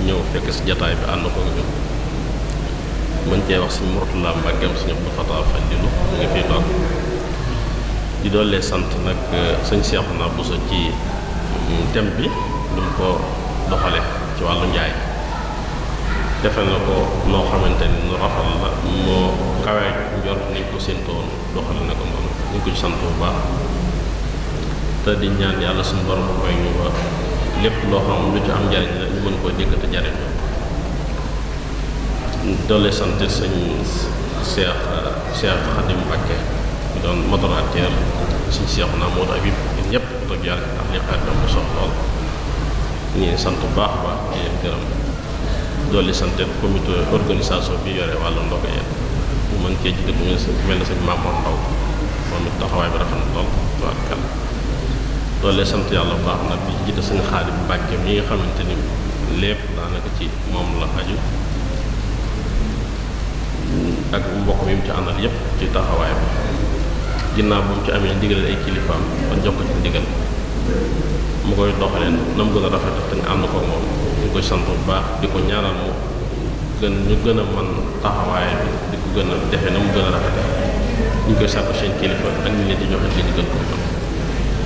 ñëw fekk si jataay bi ànd ko ñun mën cee wax suñu Murtala Mbàggeem suñu Abdou Fatah Fadilu mu ngi fiy doon di doolee sant nag euh, sëñ Seexuna Buso ci mm, thème bi du mu ko doxale ci wàllu njaay defe na ko noo xamante ni nu rafal la moo kawee njort ni ko séentoon doxale na ko noonu ñu ko ci sant bu baax te di ñaan yàlla suñ borom koy ñu wax lépp loo xam lu ci am njariñ la ñu mën koo dégg jariñ doole sant sëñ Cheikh Cheikh Khadim Mbacké mu doon modérateur sëñ Cheikh naa Modou Habib sant bu baax baax di sant comité organisation bi yore wàllu ndogu yi mu mën cee jiite ku mel ne sëñ Mamour Ndaw moom it taxawaay bi rafet na lool waaw loolee sant yàlla bu baax nag bi ci jiite sëñ Xaadim Mbàkke mi nga xamante ni lépp daanaka ci moom la aju ak mbokk mi ci àndal yépp ci taxawaay bi ginnaaw bu mu ci amee ndigal ay kilifaam ba jox ko ci ndigal mu koy doxaleen na mu gën a rafet te ñu ànd ko moom ñu koy sant bu baax di ko ñaanal mu gën ñu gën a mën taxawaay di ko gën a defee na mu gën a rafet ñu koy sàkku seen kilifa ak ñu leen di joxe ci ñu gën ko